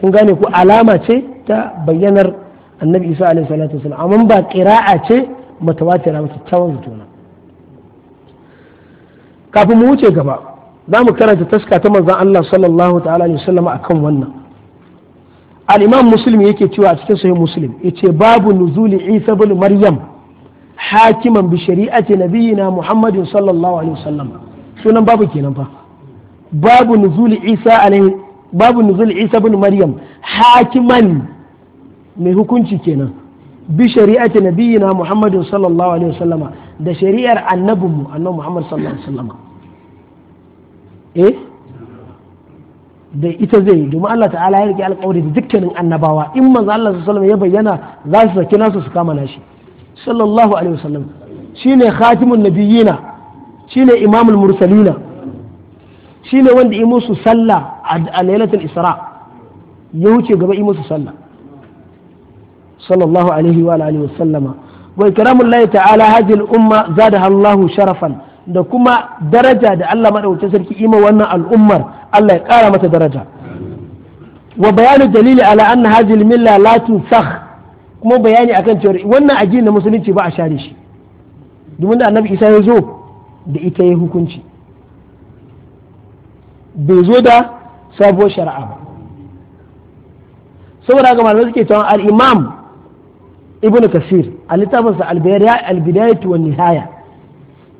S1: kun gane ku alama ce ta bayyanar annabi isa alaihi salatu wasallam amma ba qira'a ce mutawatira ba kyakkyawan zato na kafin mu wuce gaba za mu karanta taska ta manzon Allah sallallahu ta'ala alaihi wasallam akan wannan al-imam muslim yake cewa a cikin sahih muslim yace babu nuzuli isa ibn maryam hakiman bi shari'ati nabiyina muhammadin sallallahu alaihi wasallam sunan babu kenan fa babu nuzuli isa alaihi babu nuzul isa bin maryam hakiman mai hukunci kenan bi shari'ati nabiyina muhammadin sallallahu alaihi wasallama da shari'ar annabinmu annabi muhammad sallallahu alaihi wasallama eh da ita zai domin Allah ta'ala ya rike alƙawari da dukkanin annabawa in manzo Allah sallallahu alaihi wasallam ya bayyana za su saki nasu su kama nashi sallallahu alaihi wasallam shine khatimun nabiyina shine imamul mursalina shine wanda yi musu sallah a lailatul isra ya wuce gaba yi musu sallah sallallahu alaihi wa alihi wa sallama wa ikramul lahi ta'ala hadhihi al-umma zadaha Allah sharafan da kuma daraja da Allah madaukakin sarki ima wannan al'ummar Allah ya kara mata daraja wa bayanu dalili ala anna hadhihi al-milla la tunsakh kuma bayani akan cewa wannan addini na musulunci ba a share shi domin da annabi Isa ya zo da ita ya hukunci bai zo da sabuwar shari'a ba saboda ga malamai suke tawon al-imam Ibn kasir a littafinsa al-bidayatu wa nihaya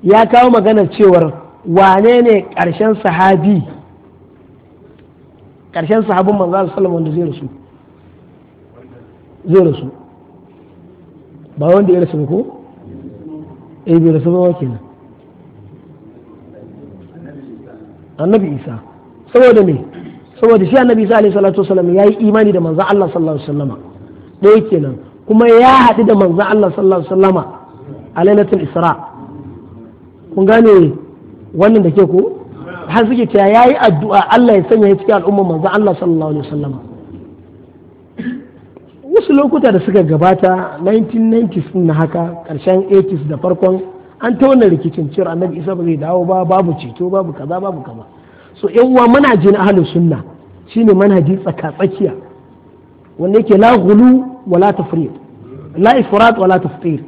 S1: ya kawo magana cewar wane ne ƙarshen sahabi ƙarshen sahabin manzo sallallahu wanda zai rasu zai rasu ba wanda ya rasu ko eh bai rasu ba kenan annabi isa saboda me saboda shi annabi isa alaihi salatu wasallam yayi imani da manzo Allah sallallahu alaihi wasallama yake kenan kuma ya haɗu da manzo Allah sallallahu alaihi wasallama a lailatul isra kun gane wannan da ke ku har suke ta yayi addu'a Allah ya sanya ya cikin al'umma manzo Allah sallallahu alaihi wasallama wasu lokuta da suka gabata 1990s na haka karshen 80s da farkon an ta wannan rikicin cewa annabi isa ba zai dawo ba babu ceto babu kaza babu kaza so yawwa na ahlus sunna shine manhaji tsaka tsakiya wanda yake la ghulu wala tafriq la ifrat wala taftir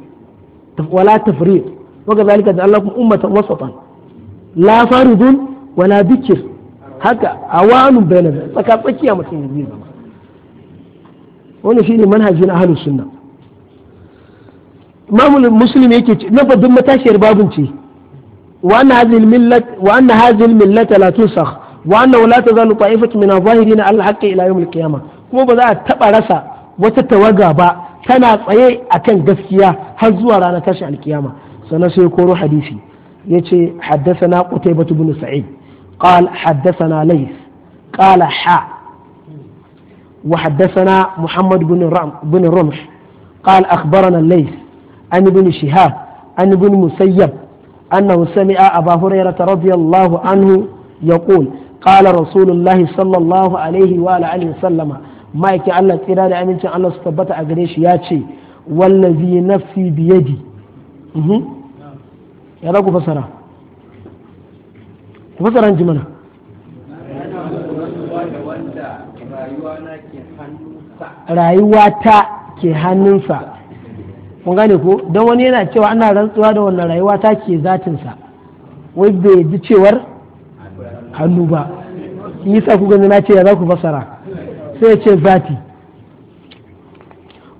S1: wala tafriq waga zalika ja'alnakum ummatan wasatan la faridun wala bikir haka awanun bayna tsaka tsakiya mutum ya zama wannan shine na ahlus sunna imamul muslim yake na fadin matashiyar babun ce وأن هذه الملة وأن هذه الملة لا تنسخ وأنه لا تزال طائفة من الظاهرين على الحق إلى يوم القيامة كما بدأت تبرس وتتوجع با كان أي أكن قسيا هزوا على نتاشع القيامة سنسيكور حديثي يتي حدثنا قتيبة بن سعيد قال حدثنا ليث قال حا وحدثنا محمد بن رم بن رمح قال أخبرنا ليث عن ابن شهاب عن ابن مسيب أنه سمع أبا هريرة رضي الله عنه يقول قال رسول الله صلى الله عليه وآله وسلم ما يكي الله تيرا دا أمين الله ستبت أغريش ياتي والذي نفسي بيدي يا رب فسرا فسرا جمنا rayuwata ke hannunsa kun gane ko don wani yana cewa ana rantsuwa da wannan rayuwa ta ke zatinsa wai bai ji cewar hannu ba yasa ku gani na ce ya za ku fasara sai ya ce zati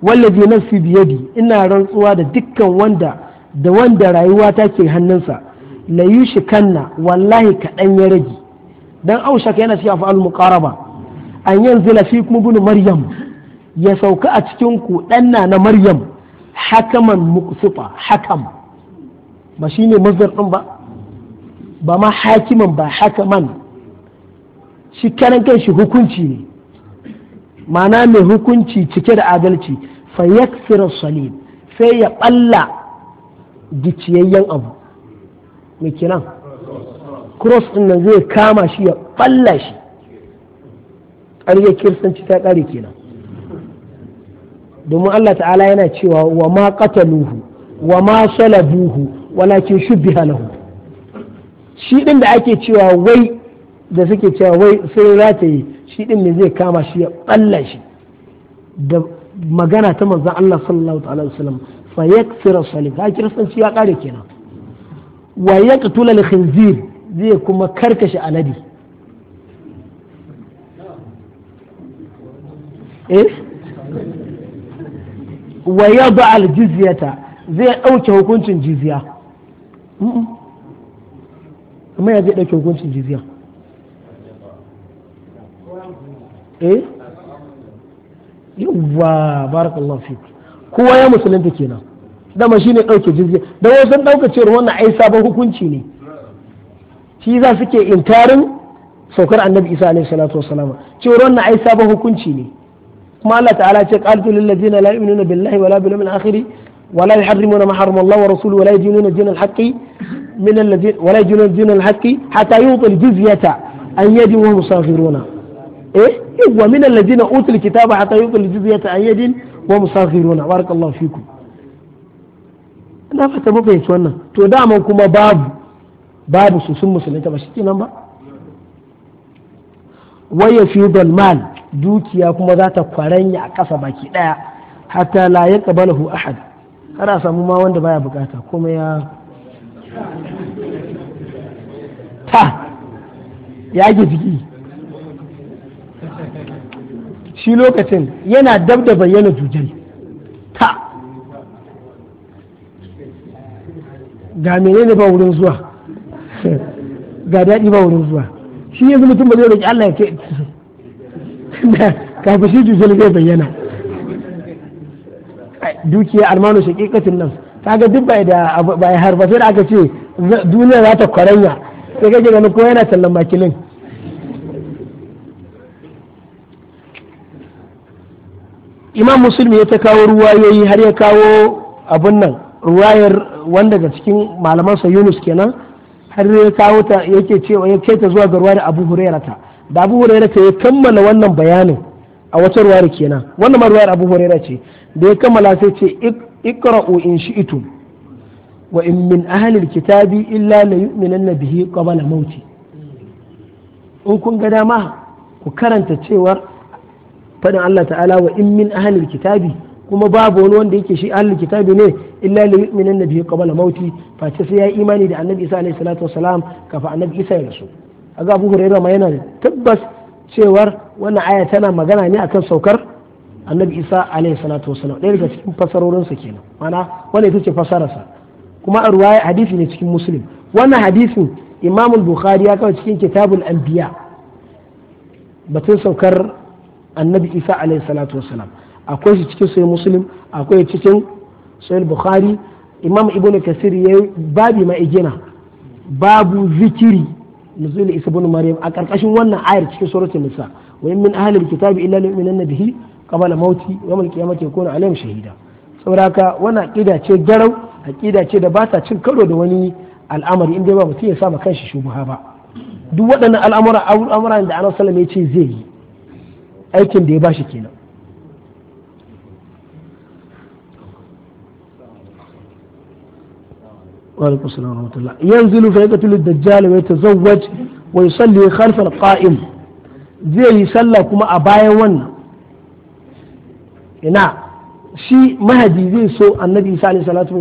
S1: su nafsi biyadi ina rantsuwa da dukkan wanda da wanda rayuwa ta ke hannunsa layushi kanna wallahi kaɗan ya rage dan aushaka yana cikin ƙara muqaraba an yanzu lafi kuma bunu maryam ya sauka a cikin ku ɗanna na maryam hakaman muqsita hakam ba shine ne mazarɗin ba ba ma hakiman ba hakaman shi karan kan shi hukunci ne mana mai hukunci cike da adalci fa salim sai ya ɓalla giciyayyen abu mai kiran cross ɗin nan zai kama shi ya ɓalla shi ƙarfi kirsanci ta ƙare kenan domin Allah ta'ala yana cewa wa ma qataluhu wa ma salabuhu walakin shubbiha lahu shi din da ake cewa wai da suke cewa wai sai rataye shi din ne zai kama shi ya balla shi da magana ta manzon Allah sallallahu alaihi wasallam fa yaksira salib ha kiristanci ya kare kenan wa yaqtula al-khinzir zai kuma karkashe alade eh wa yadda aljiziyata zai ɗauke hukuncin jiziya amma ya zai ɗauke hukuncin jiziya eh yawwa barakallahu fik kowa ya musulunta kenan dama shi ne ɗauke jiziya da wasu sun ɗauka cewar wannan ai sabon hukunci ne shi za suke inkarin saukar annabi isa alaihi salatu wasalama cewar wannan ai sabon hukunci ne ما الله تعالى قال للذين لا يؤمنون بالله ولا باليوم الاخر ولا يحرمون ما حرم الله ورسوله ولا يدينون الدين الحق من الذين ولا يدينون الدين الحق حتى يعطي الجزيه ان يد وهم صاغرون ايه هو إيه؟ من الذين اوتوا الكتاب حتى يعطي الجزيه ان يد وهم صاغرون بارك الله فيكم na fata ba fahimci wannan to daman kuma babu babu su sun musulunta ba shi ke dukiya kuma za ta kwaranya a ƙasa baki ɗaya hatta la ya qabalahu ahad har a samu ma wanda baya bukata kuma ya ta ya ke jiki shi lokacin yana dab da bayyana jujal ta ga menene ba wurin zuwa ga daɗi ba wurin zuwa shi yanzu mutum ba zai roƙi Allah ya ce kafin shi jujjal zai bayyana dukiya almanu shaqiqatin nan ta ga duk bai da bai har ba sai aka ce duniya za ta kwaranya sai kake ganin ko yana tallan makilin imam muslim ya ta kawo ruwayoyi har ya kawo abun nan ruwayar wanda ga cikin malamansa yunus kenan har ya kawo ta yake cewa ya ce ta zuwa ga ruwayar abu hurairata da abu huraira ta ya kammala wannan bayanin a wata ruwayar kenan wannan ruwayar abu huraira ce da ya kammala sai ce iqra'u in shi'tum wa in min ahli kitabi illa la yu'minanna bihi qabla mauti in kun ga dama ku karanta cewar fadin Allah ta'ala wa in min ahli kitabi kuma babu wani wanda yake shi ahlul kitabi ne illa li yu'minu bihi qabla mauti fa sai ya imani da annabi Isa alaihi salatu wasalam kafa annabi Isa ya rasu ga Abu Hurairah ma yana tabbas cewar wannan aya tana magana ne akan saukar Annabi Isa alayhi salatu wasallam ɗaya daga cikin fasarorin sa kenan mana wannan ita ce fasararsa kuma a ruwaya hadisi ne cikin Muslim wannan hadisin Imam Bukhari ya kawo cikin Kitabul Anbiya batun saukar Annabi Isa alayhi salatu wasallam akwai shi cikin sahih Muslim akwai cikin sahih Bukhari Imam ibnu Kasir yayi babi ma igina babu zikiri nuzul isa ibn maryam a karkashin wannan ayar cikin suratul nisa wa min ahlil kitabi illa yu'minanna bihi qabla mauti wa yawmal qiyamati yakunu alaihim shahida sauraka haka wannan aqida ce garau aqida ce da ba ta cin karo da wani al'amari in dai ba mutum ya sa ma kanshi shubha ba duk waɗannan al'amura al'amuran da annabi sallallahu alaihi wasallam ya ce zai yi aikin da ya ba shi kenan وعليكم السلام ورحمة الله ينزل فيقتل الدجال ويتزوج ويصلي خلف القائم zai yi sallah kuma a bayan wannan ina shi mahadi zai so annabi isa alaihi salatu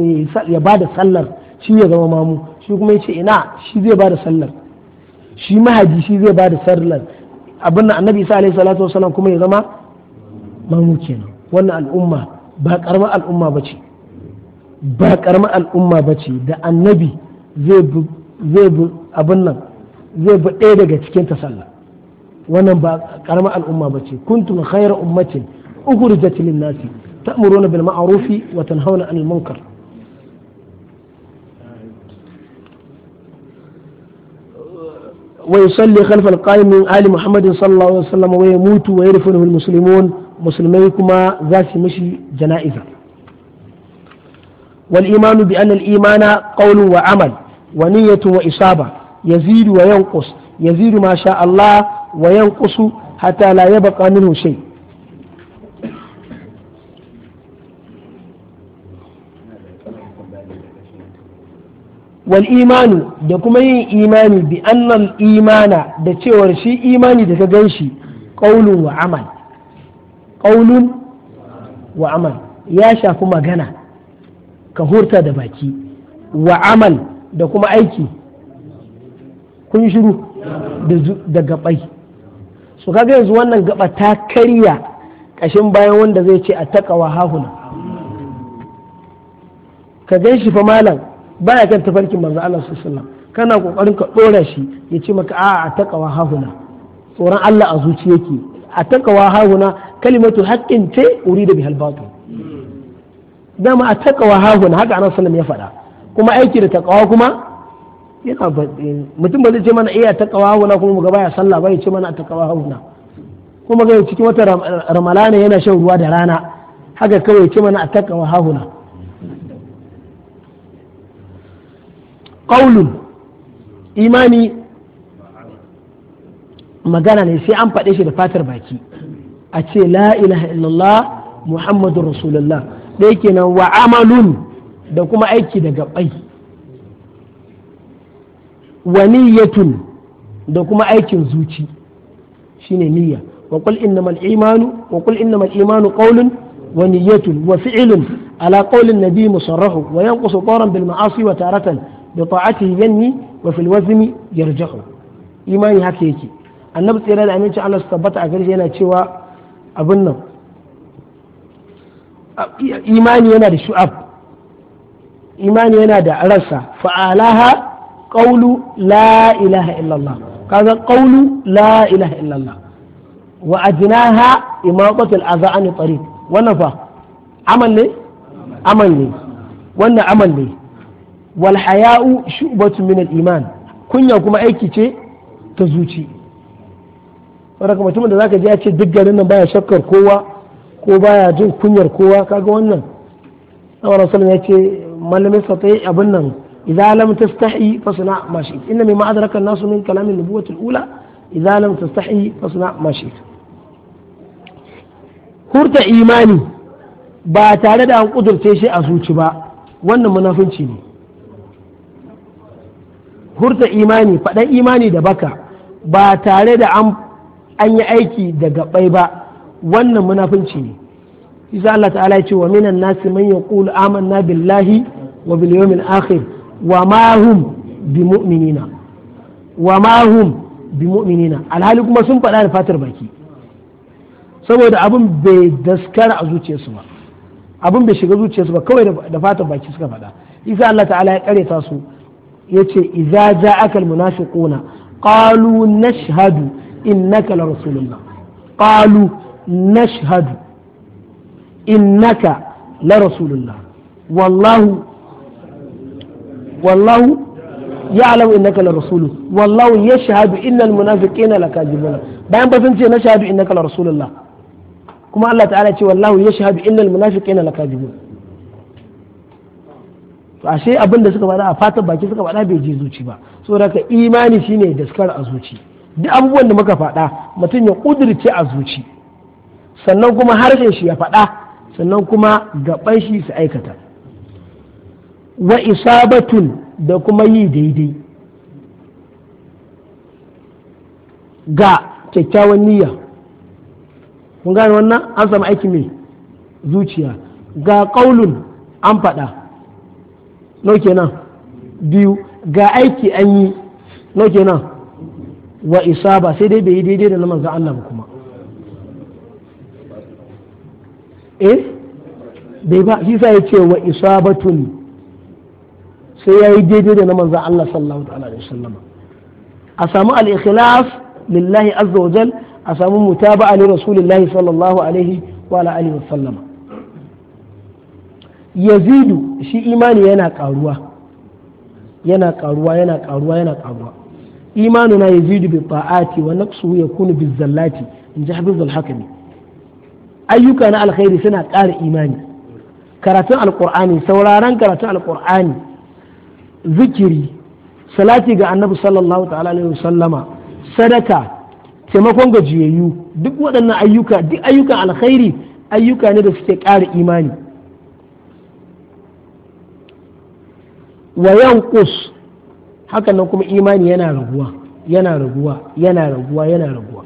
S1: ya bada sallar shi ya zama mamu shi kuma yace ina shi zai bada sallar shi mahadi shi zai bada sallar abin annabi isa alaihi salatu wasallam kuma ya zama mamu kenan wannan al'umma ba karamar al'umma bace ba karamar al'umma ba ce da annabi zai bi abin nan zai bi ɗaya daga cikin ta sallah wannan ba karamar al'umma ba ce kuntum khayra ummatin ukhrijat lin nasi ta'muruna bil ma'rufi wa tanhauna 'anil munkar ويصلي خلف القائم من آل محمد صلى الله عليه وسلم ويموت ويرفنه kuma za su mishi جنائزه والإيمان بأن الإيمان قول وعمل ونية وإصابة يزيد وينقص يزيد ما شاء الله وينقص حتى لا يبقى منه شيء والإيمان دكما إيماني بأن الإيمان دتشور شيء إيماني دكجنشي قول وعمل قول وعمل يا شافو مغنى ka hurta da baki wa amal da kuma aiki kun shiru da gabai su kaga yanzu wannan gaba ta karya kashin bayan wanda zai ce a takawa hahuna ka gan shi fa malam baya kan tafarkin manzo Allah sallallahu kana kokarin ka dora shi ya ce maka a a takawa hahuna tsoron Allah a zuci yake a takawa hahuna kalimatu haqqin ce wuri bihal batil dama a takawa hahun haka anan sallam ya faɗa kuma aiki da takawa kuma yana mutum ba zai ce mana iya takawa hahuna kuma mu baya sallah ba ya ce mana a takawa hahuna kuma ga cikin wata ramalana yana shan ruwa da rana haka kawai ya ce mana a takawa hahuna qaulun imani magana ne sai an faɗe shi da fatar baki a ce la ilaha illallah muhammadur rasulullah ɗaya kenan wa amalun da kuma aiki da gabai wa niyyatun da kuma aikin zuci shine niyya wa qul innamal imanu wa qul innamal imanu qawlun wa niyyatun wa fi'lun ala qawli nabi musarrahu wa yanqusu taran bil ma'asi wa taratan bi ta'atihi yanni wa fil wazni yarjahu imani haka yake annabi tsira da aminci Allah su tabbata a gare yana cewa abin nan imani yana da shu'ab imani yana da rassa fa'alaha qawlu la ilaha illallah kaga qawlu la ilaha illallah wa ajnaha imaqat al-adha an tariq wannan fa amal ne amal ne wannan amal ne wal haya'u shu'batun min al-iman kunya kuma aiki ce ta zuci kuma mutumin da zaka je ya ce duk garin nan baya shakkar kowa ko baya jin kunyar kowa kaga wannan amma sallallahu ya ce malamin satai abin nan idza lam tastahi fa suna shi inna mimma adraka an-nasu min kalami an-nubuwati al-ula idza lam tastahi fa suna shi hurta imani ba tare da an kudurce shi a zuci ba wannan munafunci ne hurta imani faɗan imani da baka ba tare da an yi aiki da gabai ba wannan munafunci ne isa Allah ta'ala ya ce wa minan nasi man yaqulu amanna billahi wa bil yawmil akhir wa ma hum bimu'minina wa ma hum bimu'minina alhali kuma sun faɗa da fatar baki saboda abin bai daskara a zuciyarsu ba abin bai shiga zuciyarsu ba kawai da fatar baki suka faɗa isa Allah ta'ala ya kareta su yace idza ja'aka almunafiquna qalu nashhadu innaka la rasulullah qalu nashhadu innaka la rasulullah wallahu wallahu ya'lamu innaka la rasuluhu wallahu yashhadu innal munafiqina lakazibun bayan ba sun ce nashhadu innaka la rasulullah kuma Allah ta'ala ce wallahu yashhadu innal to ashe abin da suka faɗa a fatan baki suka faɗa bai je zuci ba saboda ka imani shine daskar a zuci duk abubuwan da muka faɗa mutum ya kudurce a zuci sannan kuma harshen shi ya faɗa sannan kuma gaban shi su aikata wa isabatun da kuma yi daidai ga kyakkyawan niyya kun gane wannan an samu aiki mai zuciya ga ƙaulun an faɗa nau kenan biyu ga aiki an yi nau kenan wa isaba sai dai bai yi daidai da na manzan Allah kuma eh bai ba shi sa ya ce wa isabatun sai ya yi daidai da na manzan Allah sallallahu alaihi wasallam a samu al-ikhlas lillahi azza wa jal a samu mutaba'a li rasulillahi sallallahu alaihi wa ala alihi wasallam yazidu shi imani yana karuwa yana karuwa yana karuwa yana karuwa imanuna yazidu bi ta'ati wa naqsuhu yakunu bi zallati in ji habibul hakimi ayyuka na alkhairi suna ƙara imani karatun alkur'ani sauraron karatun alkur'ani zikiri salati ga annabi sallallahu ta'ala alaihi sadaka taimakon gajiyayyu duk waɗannan ayyuka duk ayyukan alkhairi ayyuka ne da suke ƙara imani wa yanqus hakan nan kuma imani yana raguwa yana raguwa yana raguwa yana raguwa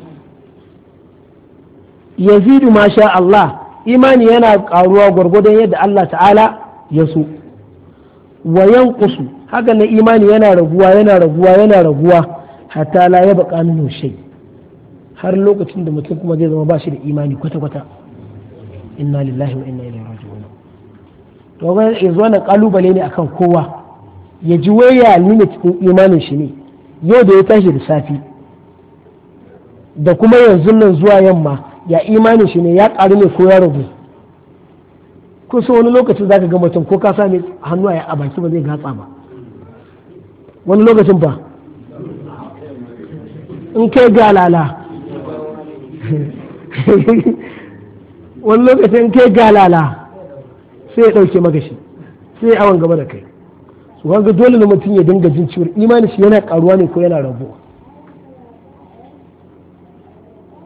S1: yazidu ma sha Allah imani yana karuwa gwargwadon yadda Allah ta'ala ya so wa yanqusu haka na imani yana raguwa yana raguwa yana raguwa hatta la ya baka minhu shay har lokacin da mutum kuma zai zama ba shi da imani kwata kwata inna lillahi wa inna ilaihi raji'un to ga yanzu wannan kalubale ne akan kowa ya ji waya nuna cikin imanin shi ne yau da ya tashi da safi da kuma yanzu nan zuwa yamma ya imanin shi ne ya ƙaru ne ko ya rabu ko wani lokacin zaka ga mutum ko ka sami hannu a baki ba zai gatsa ba wani lokacin ba in kai galala wani lokacin kai galala sai ya ɗauke magashi sai ya awon gaba da kai su dole ne mutum ya dinga jin ciwon imanin shi yana ƙaruwa ne ko yana rabuwa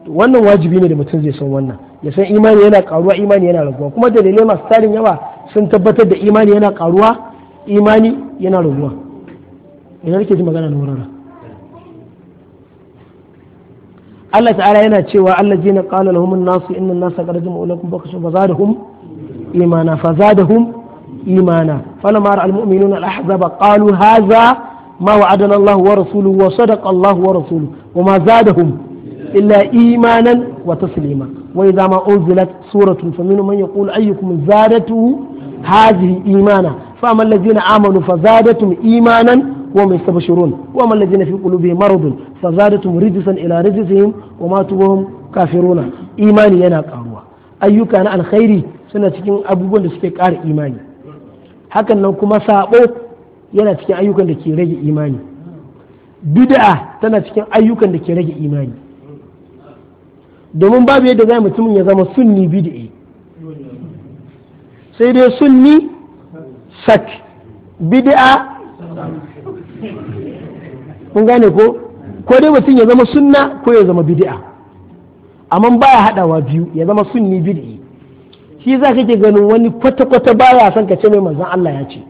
S1: wannan wajibi ne da mutum zai san wannan ya san imani yana karuwa imani yana raguwa kuma dalilai masu tarin yawa sun tabbatar da imani yana karuwa imani yana raguwa idan rike ji magana na wurare Allah ta'ala yana cewa Allah jina qala lahum an-nasu inna an-nasa qad jama'u lakum fakhshu fazadahum imana fazadahum imana falamma ra'a al-mu'minuna al-ahzaba qalu hadha ma wa'adana Allah wa rasuluhu wa sadaqa Allah wa rasuluhu wa ma zadahum إلا إيمانا وتسليما وإذا ما أنزلت سورة فمنهم من يقول أيكم زادته هذه إيمانا فأما الذين آمنوا فزادتهم إيمانا وهم يستبشرون وأما الذين في قلوبهم مرض فزادتهم رجسا إلى رجسهم وماتوا وهم كافرون إيماني ينا قاروا أيك أنا الخير سنة تكين أبو بند سكيك إيماني hakan nan kuma sabo yana cikin ayyukan da ke rage imani bid'a tana cikin ayyukan da ke rage imani domin babu yadda zai mutumin ya zama sunni bid'i sai dai sunni sak bid'a kun gane ko ko dai mutum ya zama sunna ko ya zama bid'a amma baya hadawa biyu ya zama sunni bid'i shi za kake ganin wani kwata-kwata baya son ka ce mai manzon Allah ya ce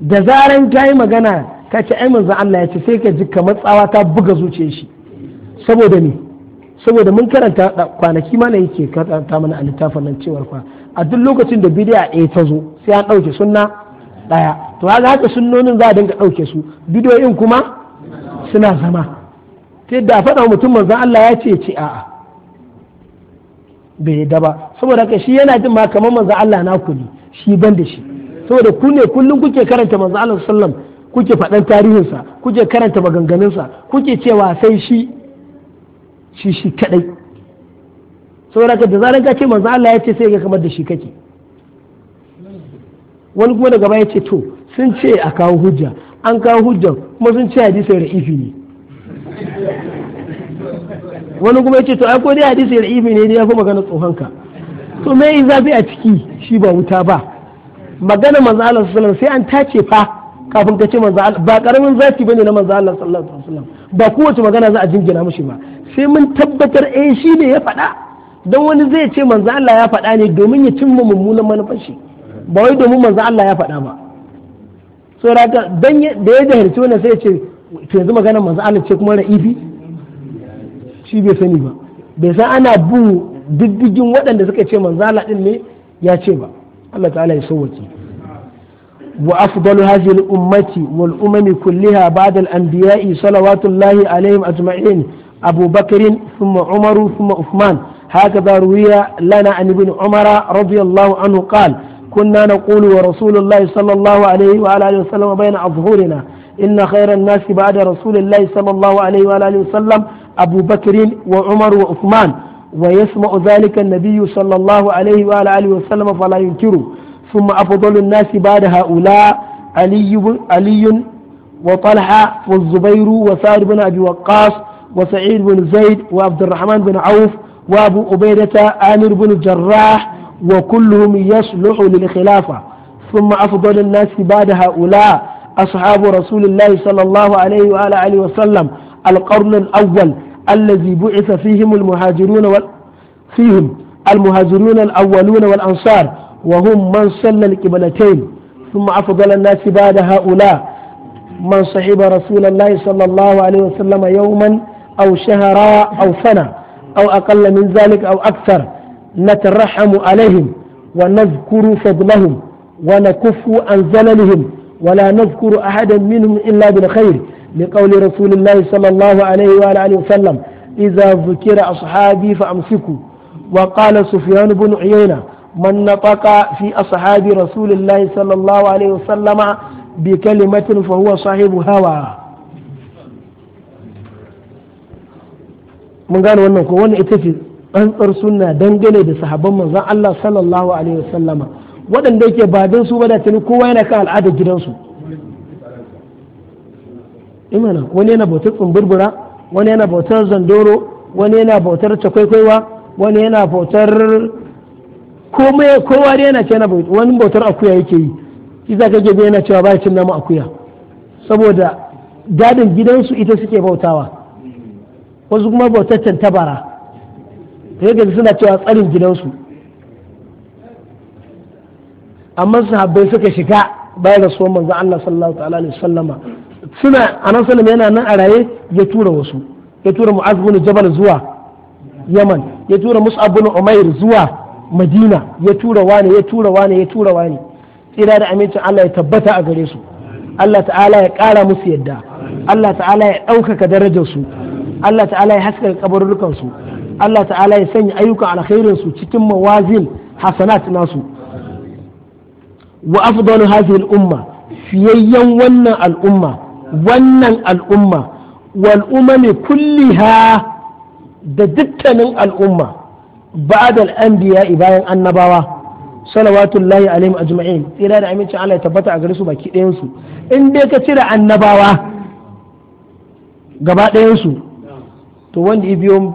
S1: da zaran ka yi magana ka ce ai manzon Allah ya ce sai ka ji kamar tsawa ta buga zuciyar shi saboda ni saboda mun karanta kwanaki mana yake karanta mana a littafin nan cewar fa a duk lokacin da bidiya ɗaya ta zo sai an ɗauke sunna ɗaya to haka haka sunnonin za a dinga ɗauke su bidiyoyin kuma suna zama ta yadda a faɗa mutum manzan Allah ya ce ce a'a bai yadda ba saboda haka shi yana jin ma kamar manzan Allah na ku shi ban da shi saboda ku ne kullum kuke karanta manzan Allah sallam kuke faɗan tarihinsa kuke karanta maganganunsa kuke cewa sai shi shi shi kadai saboda ka da zaran ka ce manzo Allah ya ce sai ga kamar da shi kake wani kuma daga baya ce to sun ce a kawo hujja an kawo hujja kuma sun ce hadisi ra'ifi ne wani kuma ya ce to ai ko dai hadisi ra'ifi ne ya fi magana tsohon ka to me yi zafi a ciki shi ba wuta ba magana manzo Allah sallallahu alaihi wasallam sai an tace fa kafin ka ce manzo Allah ba karamin zafi bane na manzo Allah sallallahu alaihi wasallam ba kowace magana za a jingina mushi ba sai mun tabbatar eh shi ne ya faɗa don wani zai ce manzo Allah ya faɗa ne domin ya cimma mummunan manufar shi ba wai domin manzo Allah ya faɗa ba saboda dan da ya jahilci wannan sai ya ce to yanzu maganar manzo Allah ce kuma ra'ibi shi bai sani ba bai san ana bin diddigin waɗanda suka ce manzo Allah din ne ya ce ba Allah ta'ala ya sauwake وأفضل هذه الأمة والأمم كلها بعد الأنبياء صلوات الله عليهم أجمعين أبو بكر ثم عمر ثم عثمان هكذا روي لنا عن ابن عمر رضي الله عنه قال كنا نقول ورسول الله صلى الله عليه وعلى آله وسلم بين أظهرنا إن خير الناس بعد رسول الله صلى الله عليه وعلى آله وسلم أبو بكر وعمر وعثمان ويسمع ذلك النبي صلى الله عليه وعلى آله وسلم فلا ينكره ثم أفضل الناس بعد هؤلاء علي علي وطلحة والزبير وسعد بن أبي وقاص وسعيد بن زيد وعبد الرحمن بن عوف وأبو عبيدة آمر بن الجراح وكلهم يصلح للخلافة ثم أفضل الناس بعد هؤلاء أصحاب رسول الله صلى الله عليه وعلى آله وسلم القرن الأول الذي بعث فيهم المهاجرون وال... فيهم المهاجرون الأولون والأنصار وهم من صلى القبلتين ثم أفضل الناس بعد هؤلاء من صحب رسول الله صلى الله عليه وسلم يوما أو شهرا أو سنة أو أقل من ذلك أو أكثر نترحم عليهم ونذكر فضلهم ونكف عن زللهم ولا نذكر أحدا منهم إلا بالخير لقول رسول الله صلى الله عليه وآله وسلم إذا ذكر أصحابي فأمسكوا وقال سفيان بن عيينة من نطق في أصحاب رسول الله صلى الله عليه وسلم بكلمة فهو صاحب هوى من قال wannan ko wannan ita ce tsantsar sunna dangane da sahabban manzon Allah sallallahu alaihi wasallama waɗanda yake ba dan su ba tuni kowa yana kan al'adar gidansu imana wani yana bautar tsumburbura wani yana bautar zandoro wani yana bautar takwaikwaiwa wani yana bautar komai kowa dai yana cewa wani bautar akuya yake yi shi za ka gebe yana cewa ba cin nama akuya saboda gadin gidansu ita suke bautawa wasu kuma bautaccen tabara sai suna cewa tsarin gidansu amma habbai suka shiga baya da manzan manzo Allah sallallahu ta'ala alaihi sallama suna nan sallama yana nan a raye ya tura wasu ya tura mu'az jabal zuwa yaman ya tura musu bin umair zuwa madina ya tura wane ya tura wane ya tura wane tsira da amincin Allah ya tabbata a gare su Allah ta'ala ya ƙara musu yadda Allah ta'ala ya ɗaukaka darajar su Allah ta'ala ya haskaka kabarurukan Allah ta'ala ya sanya ayyukan alkhairin su cikin mawazin hasanat nasu wa afdalu hadhihi al-umma fiyayyan wannan al'umma wannan al'umma wal umami kulliha da dukkanin al'umma ba'da al-anbiya bayan annabawa salawatullahi alaihim ajma'in tsira da amincin Allah ya tabbata a gare su baki ɗayan in dai ka cire annabawa gaba to wanda ya biyo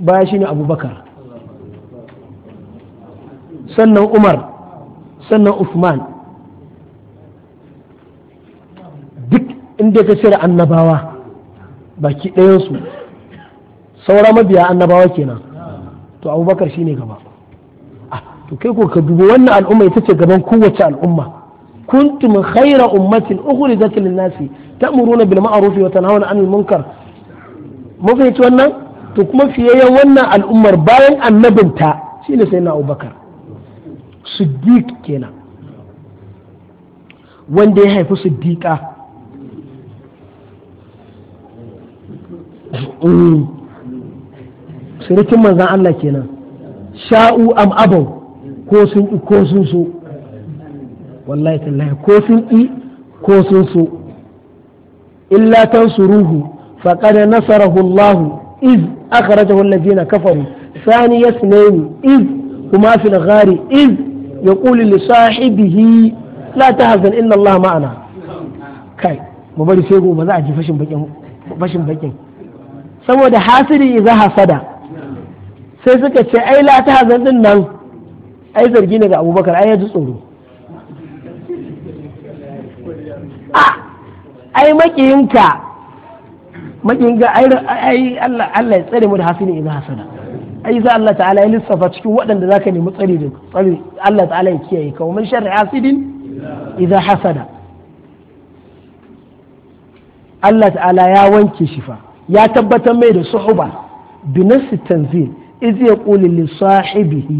S1: baya shine Abubakar sannan Umar sannan Uthman duk in dai ka cire annabawa baki ɗayan saura mabiya annabawa kenan to abubakar shi ne gaba ah, to kai ko ka dubi wannan al'umma ita ce gaban kowace al'umma kuntum khaira ummatin ukhrijat lin nasi ta'muruna bil ma'ruf wa tanhauna 'anil munkar mun fahimci wannan to kuma fiyayyen wannan al'ummar bayan annabinta shine na abubakar siddiq kenan wanda ya haifi siddiqa mm. surukin manzan Allah kenan sha'u am abau ko sun i ko sun so wallahi tallahi ko sun i ko sun so illa tansuruhu faqad nasarahu Allah iz akhrajahu alladhina kafaru ثاني اثنين إذ هما في الغار إذ يقول لصاحبه لا تحزن إن الله معنا كاي مباري سيغو ماذا za a بكين fashin بكين saboda hasiri idza hasada sai suka ce ai la ta hazan din nan ai zargi ne ga abubakar ai ya tsoro a ah, ai makiyinka makiyinka ai Allah Allah ya tsare mu da hasini idan hasana ai za Allah ta'ala ya lissafa cikin waɗanda zaka nemi tsari da tsari Allah ta'ala ya kiyaye ka wa sharri hasidin idza hasada Allah ta'ala ya wanke shifa ya tabbatar mai da suhuba bi nafsi tanzil iz yaqulu li sahibihi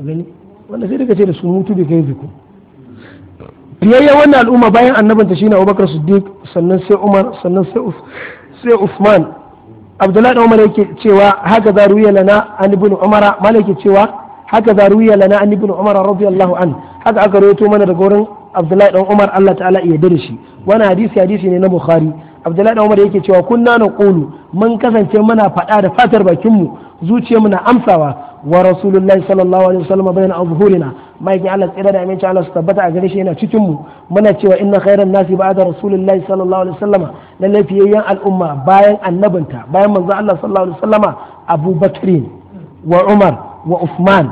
S1: gani wanda sai daga ce biyayya wannan al'umma bayan annabanta shine Abubakar Siddiq sannan sai Umar sannan sai sai Uthman Abdullahi da Umar yake cewa haka za ruya lana an ibn Umar malaki cewa haka za ruya lana an ibn Umar radiyallahu an haka aka rawaito mana daga wurin Abdullahi dan Umar Allah ta'ala ya dare shi wannan hadisi hadisi ne na Bukhari abdullahi da umar yake cewa kunna na qulu mun kasance muna faɗa da fatar bakin zuciya zuciyar na amsawa wa rasulullahi sallallahu alaihi wasallam bayan azhurina maikin Allah tsira da aminci Allah su tabbata a gare shi yana cikin mu muna cewa inna khairan nasi ba'da rasulullahi sallallahu alaihi wasallam lalle fiyayyan al'umma bayan annabinta bayan manzo Allah sallallahu alaihi wasallama Abu Bakr wa Umar wa Uthman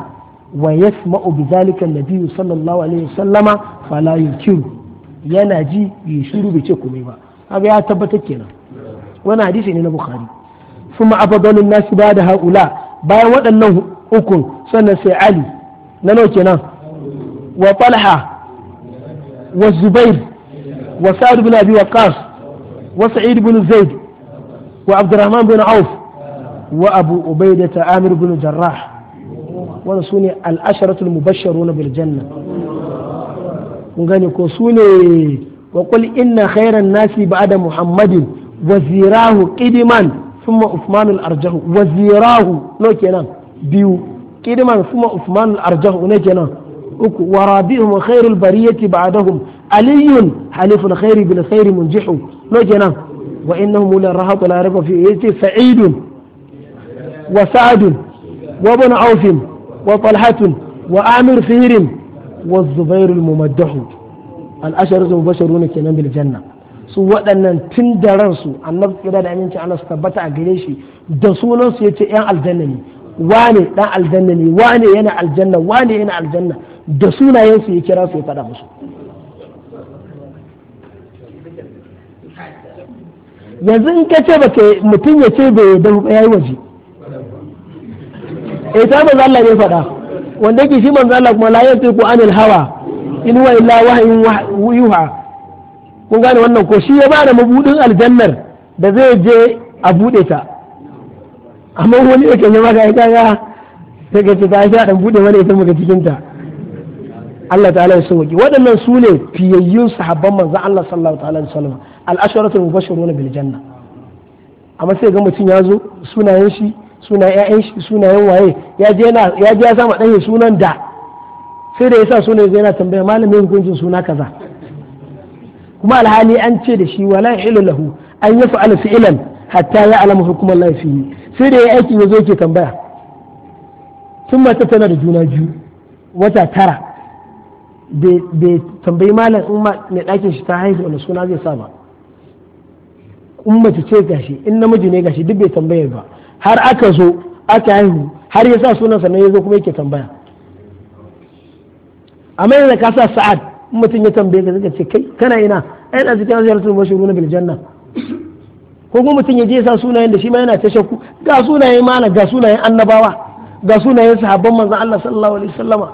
S1: wa yasma'u bidhalika an-nabiy sallallahu alaihi wasallama fala yukiru yana ji yi shiru bai ce komai ba kaga ya tabbatar kenan wani hadisi ne na bukhari kuma afdalun nasi ba da haula bayan waɗannan ukun sannan sai ali na nawa kenan wa talha wa zubair wa sa'ad bin abi waqas wa sa'id bin zaid wa abdurrahman bin auf wa abu ta amir bin jarrah wannan su ne al'asharatul mubasharu na biljanna kun gane ko su ne وقل إن خير الناس بعد محمد وزيراه قدما ثم عثمان الأرجح وزيراه نو كنا بيو قدما ثم عثمان الأرجح نو كنا خير البرية بعدهم علي حليف الخير بالخير منجح نو كنا وإنهم للرهط لا في فيه سعيد وسعد وابن عوف وطلحة وآمر فهر والزبير الممدح al'ashar zuwa basharu ne kenan bil janna su waɗannan tun da ransu annabi kira da aminci Allah su tabbata a gare shi da sunansu su yace yan aljanna ne wane dan aljanna ne wane yana aljanna wane yana aljanna da sunayensu ya kira su ya faɗa musu yanzu in ka ce ka mutum ya ce bai da yayi waje eh ta manzo Allah ne faɗa wanda yake shi manzo Allah kuma la yantiqu anil hawa in wa illa wahayin yuha kun gane wannan ko shi ya bada mabudin aljannar da zai je a bude ta amma wani da kan yaba ga kaga sai ka ce ta sha dan bude mana ita muka cikin ta Allah ta'ala ya sauki waɗannan su ne fiyayyun sahabban manzon Allah sallallahu ta'ala alaihi wasallam al-asharatul mubashshiruna bil janna amma sai ga mutum ya zo sunayen shi sunayen ƴaƴan shi sunayen waye ya je ya sama ɗan sunan da sai da yasa suna yana tambaya malamin hukuncin suna kaza kuma alhali an ce da shi wala ilu lahu an ya fa'ala fi'lan hatta ya alama hukumar laifi sai da ya aiki ya zo ke tambaya tun mata tana da juna biyu wata tara bai tambayi malam in mai ɗakin shi ta haihu wani suna zai sa ba in ce gashi in namiji ne gashi duk bai tambaya ba har aka zo aka haihu har ya sa sunan sannan ya zo kuma yake tambaya amma yanzu ka sa sa'ad in mutum ya tambaye ka zaka ce kai kana ina ai da cikin ziyaratul mashhuruna bil janna ko kuma mutum ya je sa sunayen da shi ma yana ta shakku ga sunayen mana ga sunayen annabawa ga sunayen sahabban manzon Allah sallallahu alaihi wasallama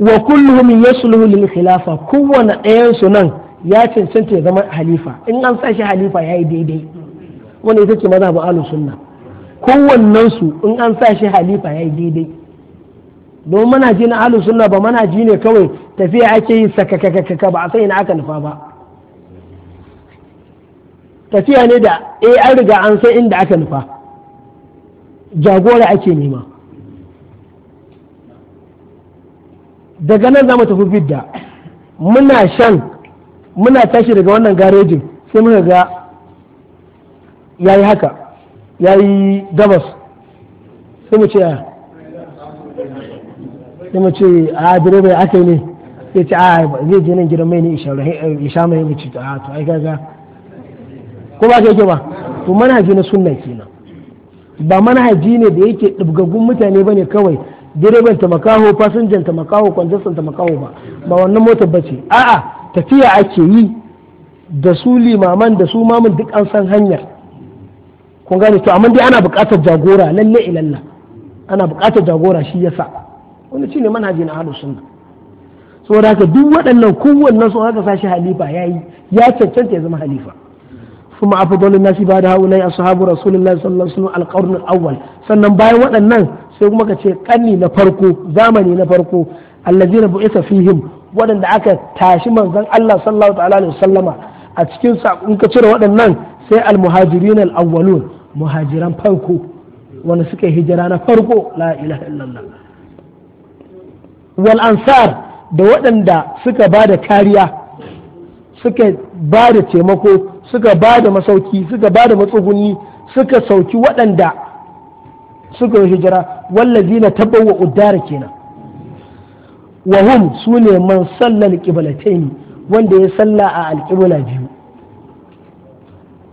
S1: wa kulluhum yasluhu lil khilafa kowanne ɗayan su nan ya cancanta ya zama halifa in an sa shi halifa yayi daidai wanda ita ce mazhabin ahlus sunna kowannen su in an sa shi halifa ya yi daidai don ji na ahlus sunna ba ji ne kawai tafiya ake yi sakakakaka ba a sai na aka nufa ba tafiya ne da eh an riga an san inda aka nufa jagora ake nema daga nan za mu tafi bidda muna shan muna tashi daga wannan garejin sai muka ga yayi haka ya yi gabas sai mu ce a ah. sai mu ce a direba ya aka yi ne sai ce a ah, zai je nan gidan mai ne isha mai mu ta a ah, to ai gaga ko ba ka yake ba to manhaji na sunna kenan ba manhaji ne da yake dubgaggun mutane ba ne kawai direban ta makaho fasinjan ta makaho kwanzarsan ta makaho ba ba wannan motar ce a'a tafiya ake yi da su limaman da su mamun duk an san hanyar kun gane to amma dai ana buƙatar jagora lalle ilalla ana buƙatar jagora shi yasa wani shine manhaji na ahlus sunna saboda haka duk waɗannan kowannen sun haka sashi halifa yayi ya cancanta ya zama halifa ثم أفضل الناس بعد هؤلاء أصحاب رسول الله صلى الله عليه وسلم القرن الأول sannan bayan waɗannan sai kuma ka ce ƙanni na farko zamani na farko allazina bu'isa fihim waɗanda aka tashi manzon Allah sallallahu ta'ala alaihi wasallama a cikin sa in ka cire waɗannan sai almuhajirin al-awwalun muhajiran farko wanda suka yi hijira na farko la ilaha illallah wal ansar da waɗanda suka ba da kariya suka ba da taimako suka ba da masauki suka ba da matsugunni suka sauki waɗanda suka yi hijira wallazi na tabbawa uddara kenan wahum sune ne man sallar ƙibalataini wanda ya salla a alƙibla biyu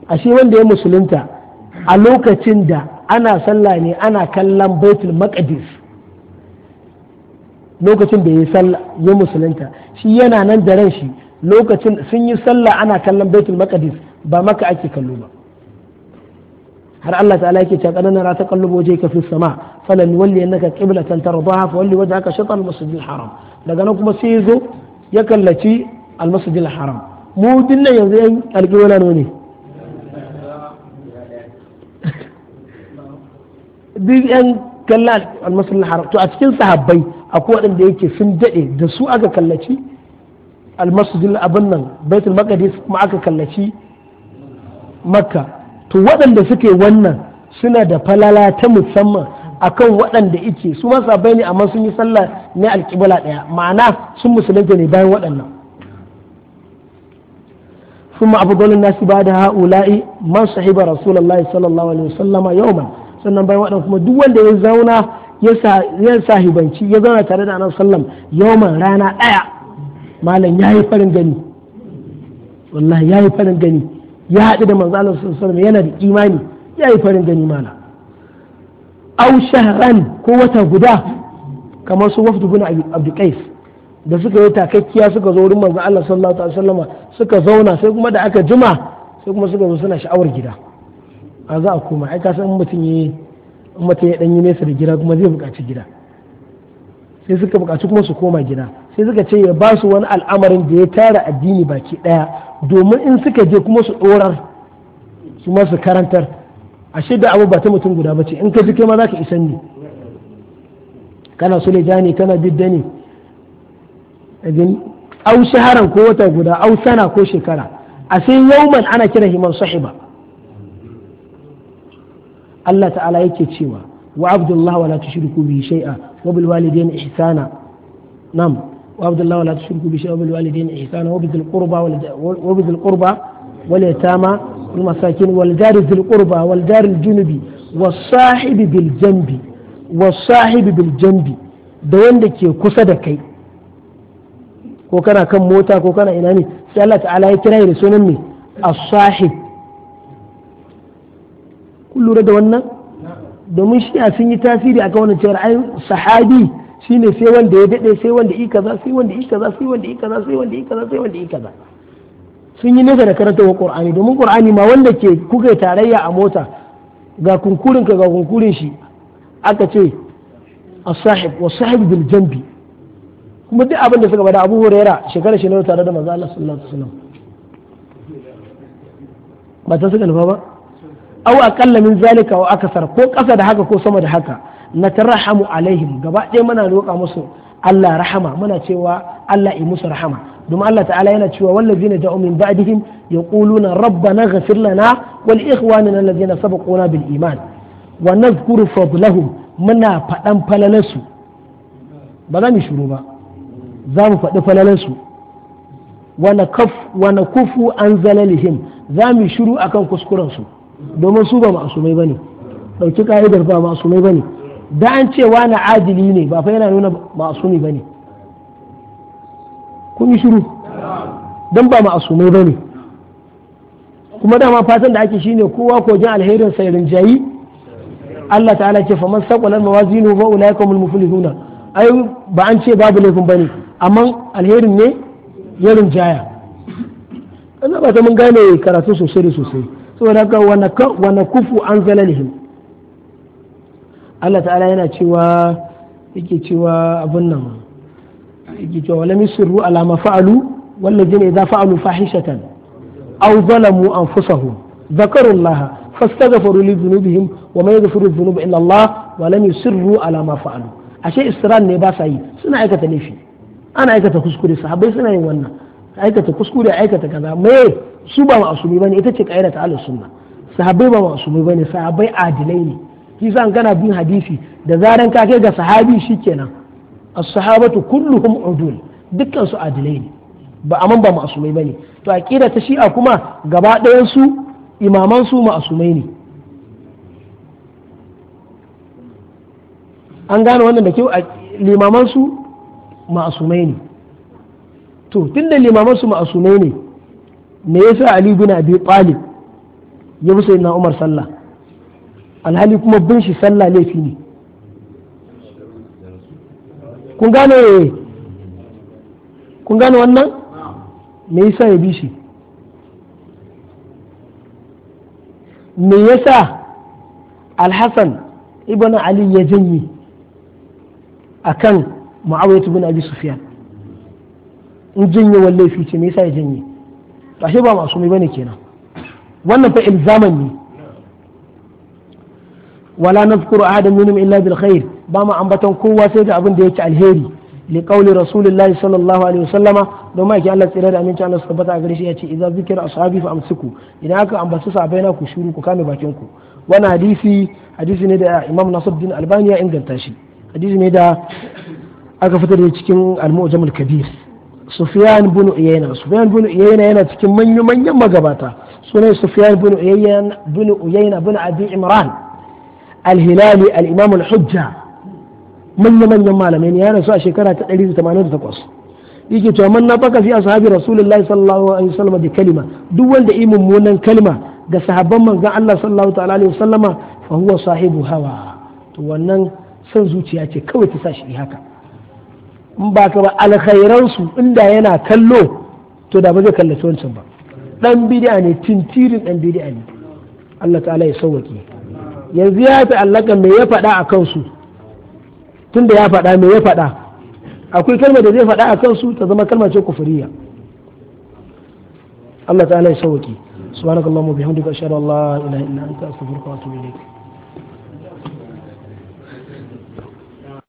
S1: ashe wanda ya musulunta a lokacin da ana sallah ne ana kallon baitul maqdis lokacin da ya sallah ya musulunta shi yana nan da ran shi lokacin sun yi sallah ana kallon baitul maqdis ba maka ake kallo ba har Allah ta'ala yake cewa kadana ra ta kallubo je ka fi sama falan walli annaka qiblatan tardaha fa walli wajhaka shatr al-masjid haram daga nan kuma sai ya zo ya kallaci al-masjid haram mu dinnan yanzu yan alƙiwala ne duk yan kalla almasul haram to a cikin sahabbai akwai waɗanda yake sun daɗe da su aka kallaci almasjidil abin nan baitul maqdis kuma aka kallaci makka to waɗanda suke wannan suna da falala ta musamman akan waɗanda ike su ma sahabbai ne amma sun yi sallah ne alƙibla ɗaya ma'ana sun musulunta ne bayan waɗannan ثم أفضل الناس بعد هؤلاء من صحب رسول الله صلى الله عليه وسلم يوما sannan bayan waɗanda kuma duk wanda ya zauna ya sahibanci ya zauna tare da annabi sallam yawman rana ɗaya malam ya yi farin gani wallahi ya yi farin gani ya haɗu da manzo Allah sallallahu yana da imani ya yi farin gani malam au shahran ko wata guda kamar su wafdu bin abdul qais da suka yi takakkiya suka zo wurin manzo Allah sallallahu alaihi suka zauna sai kuma da aka jima sai kuma suka zo suna sha'awar gida a za a koma ai kasan mutum yi mutum ya dan yi nesa da gida kuma zai buƙaci gida sai suka buƙaci kuma su koma gida sai suka ce ya ba su wani al'amarin da ya tara addini baki daya domin in suka je kuma su dorar su masu karantar a da abu ba ta mutum guda bace in ka ji kai ma za ka isan ni kana sule jani kana bidda ne au shaharan ko wata guda au sana ko shekara a sai yauman ana kira himan sahiba Allah ta'ala yake cewa wa abdullahi wala tushriku bihi shay'a wa bil walidayni ihsana nam wa abdullahi wala tushriku bihi shay'a wa bil walidayni ihsana wa bil qurba wa bil qurba wal yatama wal masakin wal jari dhil qurba wal jari al junubi was sahibi bil janbi was sahibi bil janbi da wanda ke kusa da kai ko kana kan mota ko kana ina ne sai Allah ta'ala ya kira da sunan ne as-sahib kun lura da wannan domin a sun yi tasiri akan wannan cewar ai sahabi shine sai wanda ya dade sai wanda yi kaza sai wanda yi kaza sai wanda yi kaza sai wanda yi kaza sai wanda yi kaza sun yi nesa da wa qur'ani domin qur'ani ma wanda ke kuka tarayya a mota ga kunkurin ka ga kunkurin shi aka ce as-sahib wa sahib bil jambi kuma duk abin da suka bada Abu Huraira shekara shi ne tare da manzo Allah sallallahu alaihi wasallam ba ta suka nufa ba Au aqalla min zalika wa akasar ko ƙasa da haka ko sama da haka natarahamu alaihim gaba ɗaya muna roƙa musu Allah rahama muna cewa Allah yi musu rahama domin Allah ta'ala yana cewa wallazina ja'u min ba'dihim yaquluna rabbana ghfir lana wal ikhwanina allazina sabaquna bil iman wa nadhkuru fadlahum muna faɗan falalansu ba za mu shiru ba za mu faɗi falalansu wa nakuf wa nakufu an zalalihim za mu shiru akan kuskurensu domin su ba ma'asumai bane dauki ka'idar ba ma'asumai bane da an ce wani adili ne ba fa yana nuna ma'asumi bane kun yi shiru don ba ma'asumai bane kuma dama fatan da ake shine kowa kogin alherin sa jayi. Allah ta'ala ce faman saqalan mawazinu fa ulaika humul muflihuna ai ba an ce babu laifin bane amma alherin ne yarin jaya. Allah ba ta mun gane karatu sosai sosai saboda haka wa kufu an zalalihim Allah ta'ala yana cewa yake cewa abin nan yake cewa walam yusirru ala ma fa'alu wallazina idza fa'alu fahishatan aw zalamu anfusahum ذكروا الله فاستغفروا لذنوبهم وما يغفر الذنوب الا الله ولم يصروا على ما فعلوا ashe israr ne ba sa yi suna aikata laifi ana aikata kuskure sahabbai suna yin wannan aikata kuskure aikata kaza me su ba ma'asumi bane ita ce kaida ta ahlus sunna sahabbai ba ma'asumi bane sahabbai adilai ne shi sa gana bin hadisi da zaran ka kai ga sahabi shikenan as-sahabatu kulluhum udul dukkan su adilai ne ba aman ba ma'asumai bane to aqida ta shi'a kuma gaba ɗayan su imaman su ma'asumai ne an gane wannan da kyau limaman su ma'asumai ne to tunda limaman su ma'asumai ne me yasa ali bin abi talib ya bi sayyidina umar sallah alhali kuma bin shi sallah laifi ne kun gane kun gane wannan me yasa ya bi shi me yasa alhassan ibn ali ya janye akan mu'awiyah bin abi sufyan in janye laifi ce me yasa ya janye ashe ba mai bane kenan wannan fa ilzaman ne wala nazkuru ahadan minhum illa bil khair ba ma ambaton kowa sai da abin da yake alheri li qawli rasulillahi sallallahu alaihi wasallama don ma yake Allah tsira da aminci Allah tabbata a gare shi yace idza zikira ashabi fa amsiku idan aka ambaci sahabbai na ku shuru ku kame bakin ku wannan hadisi hadisi ne da Imam Nasiruddin Albani ya inganta shi hadisi ne da aka fitar da cikin al-Mu'jam al-Kabir Sufiyan bin Uyayna Sufiyan bin Uyayna yana cikin manyan manyan magabata sunan Sufiyan bin Uyayna bin Uyayna bin Abi Imran al-Hilali al-Imam al-Hujja manyan manyan malamai ne ya rasu a shekara ta 188 yake cewa man nafaka fi ashabi Rasulullahi sallallahu alaihi wasallam da kalima duk wanda yi mummunan kalima ga sahabban manzon Allah sallallahu ta'ala alaihi wasallama fa huwa sahibu hawa to wannan son zuciya ce kawai ta sa shi haka in ba ka ba alkhairansu inda yana kallo to da ba zai kallaci wancan ba dan bid'a ne tintirin dan bid'a ne Allah ta'ala ya sauwake yanzu ya alaka me ya faɗa a kansu tunda ya faɗa me ya faɗa akwai kalmar da zai faɗa a kansu ta zama kalmar ce kufuriya Allah ta'ala ya sauwake subhanakallahumma bihamdika ashhadu an la ilaha illa anta astaghfiruka wa atubu ilayk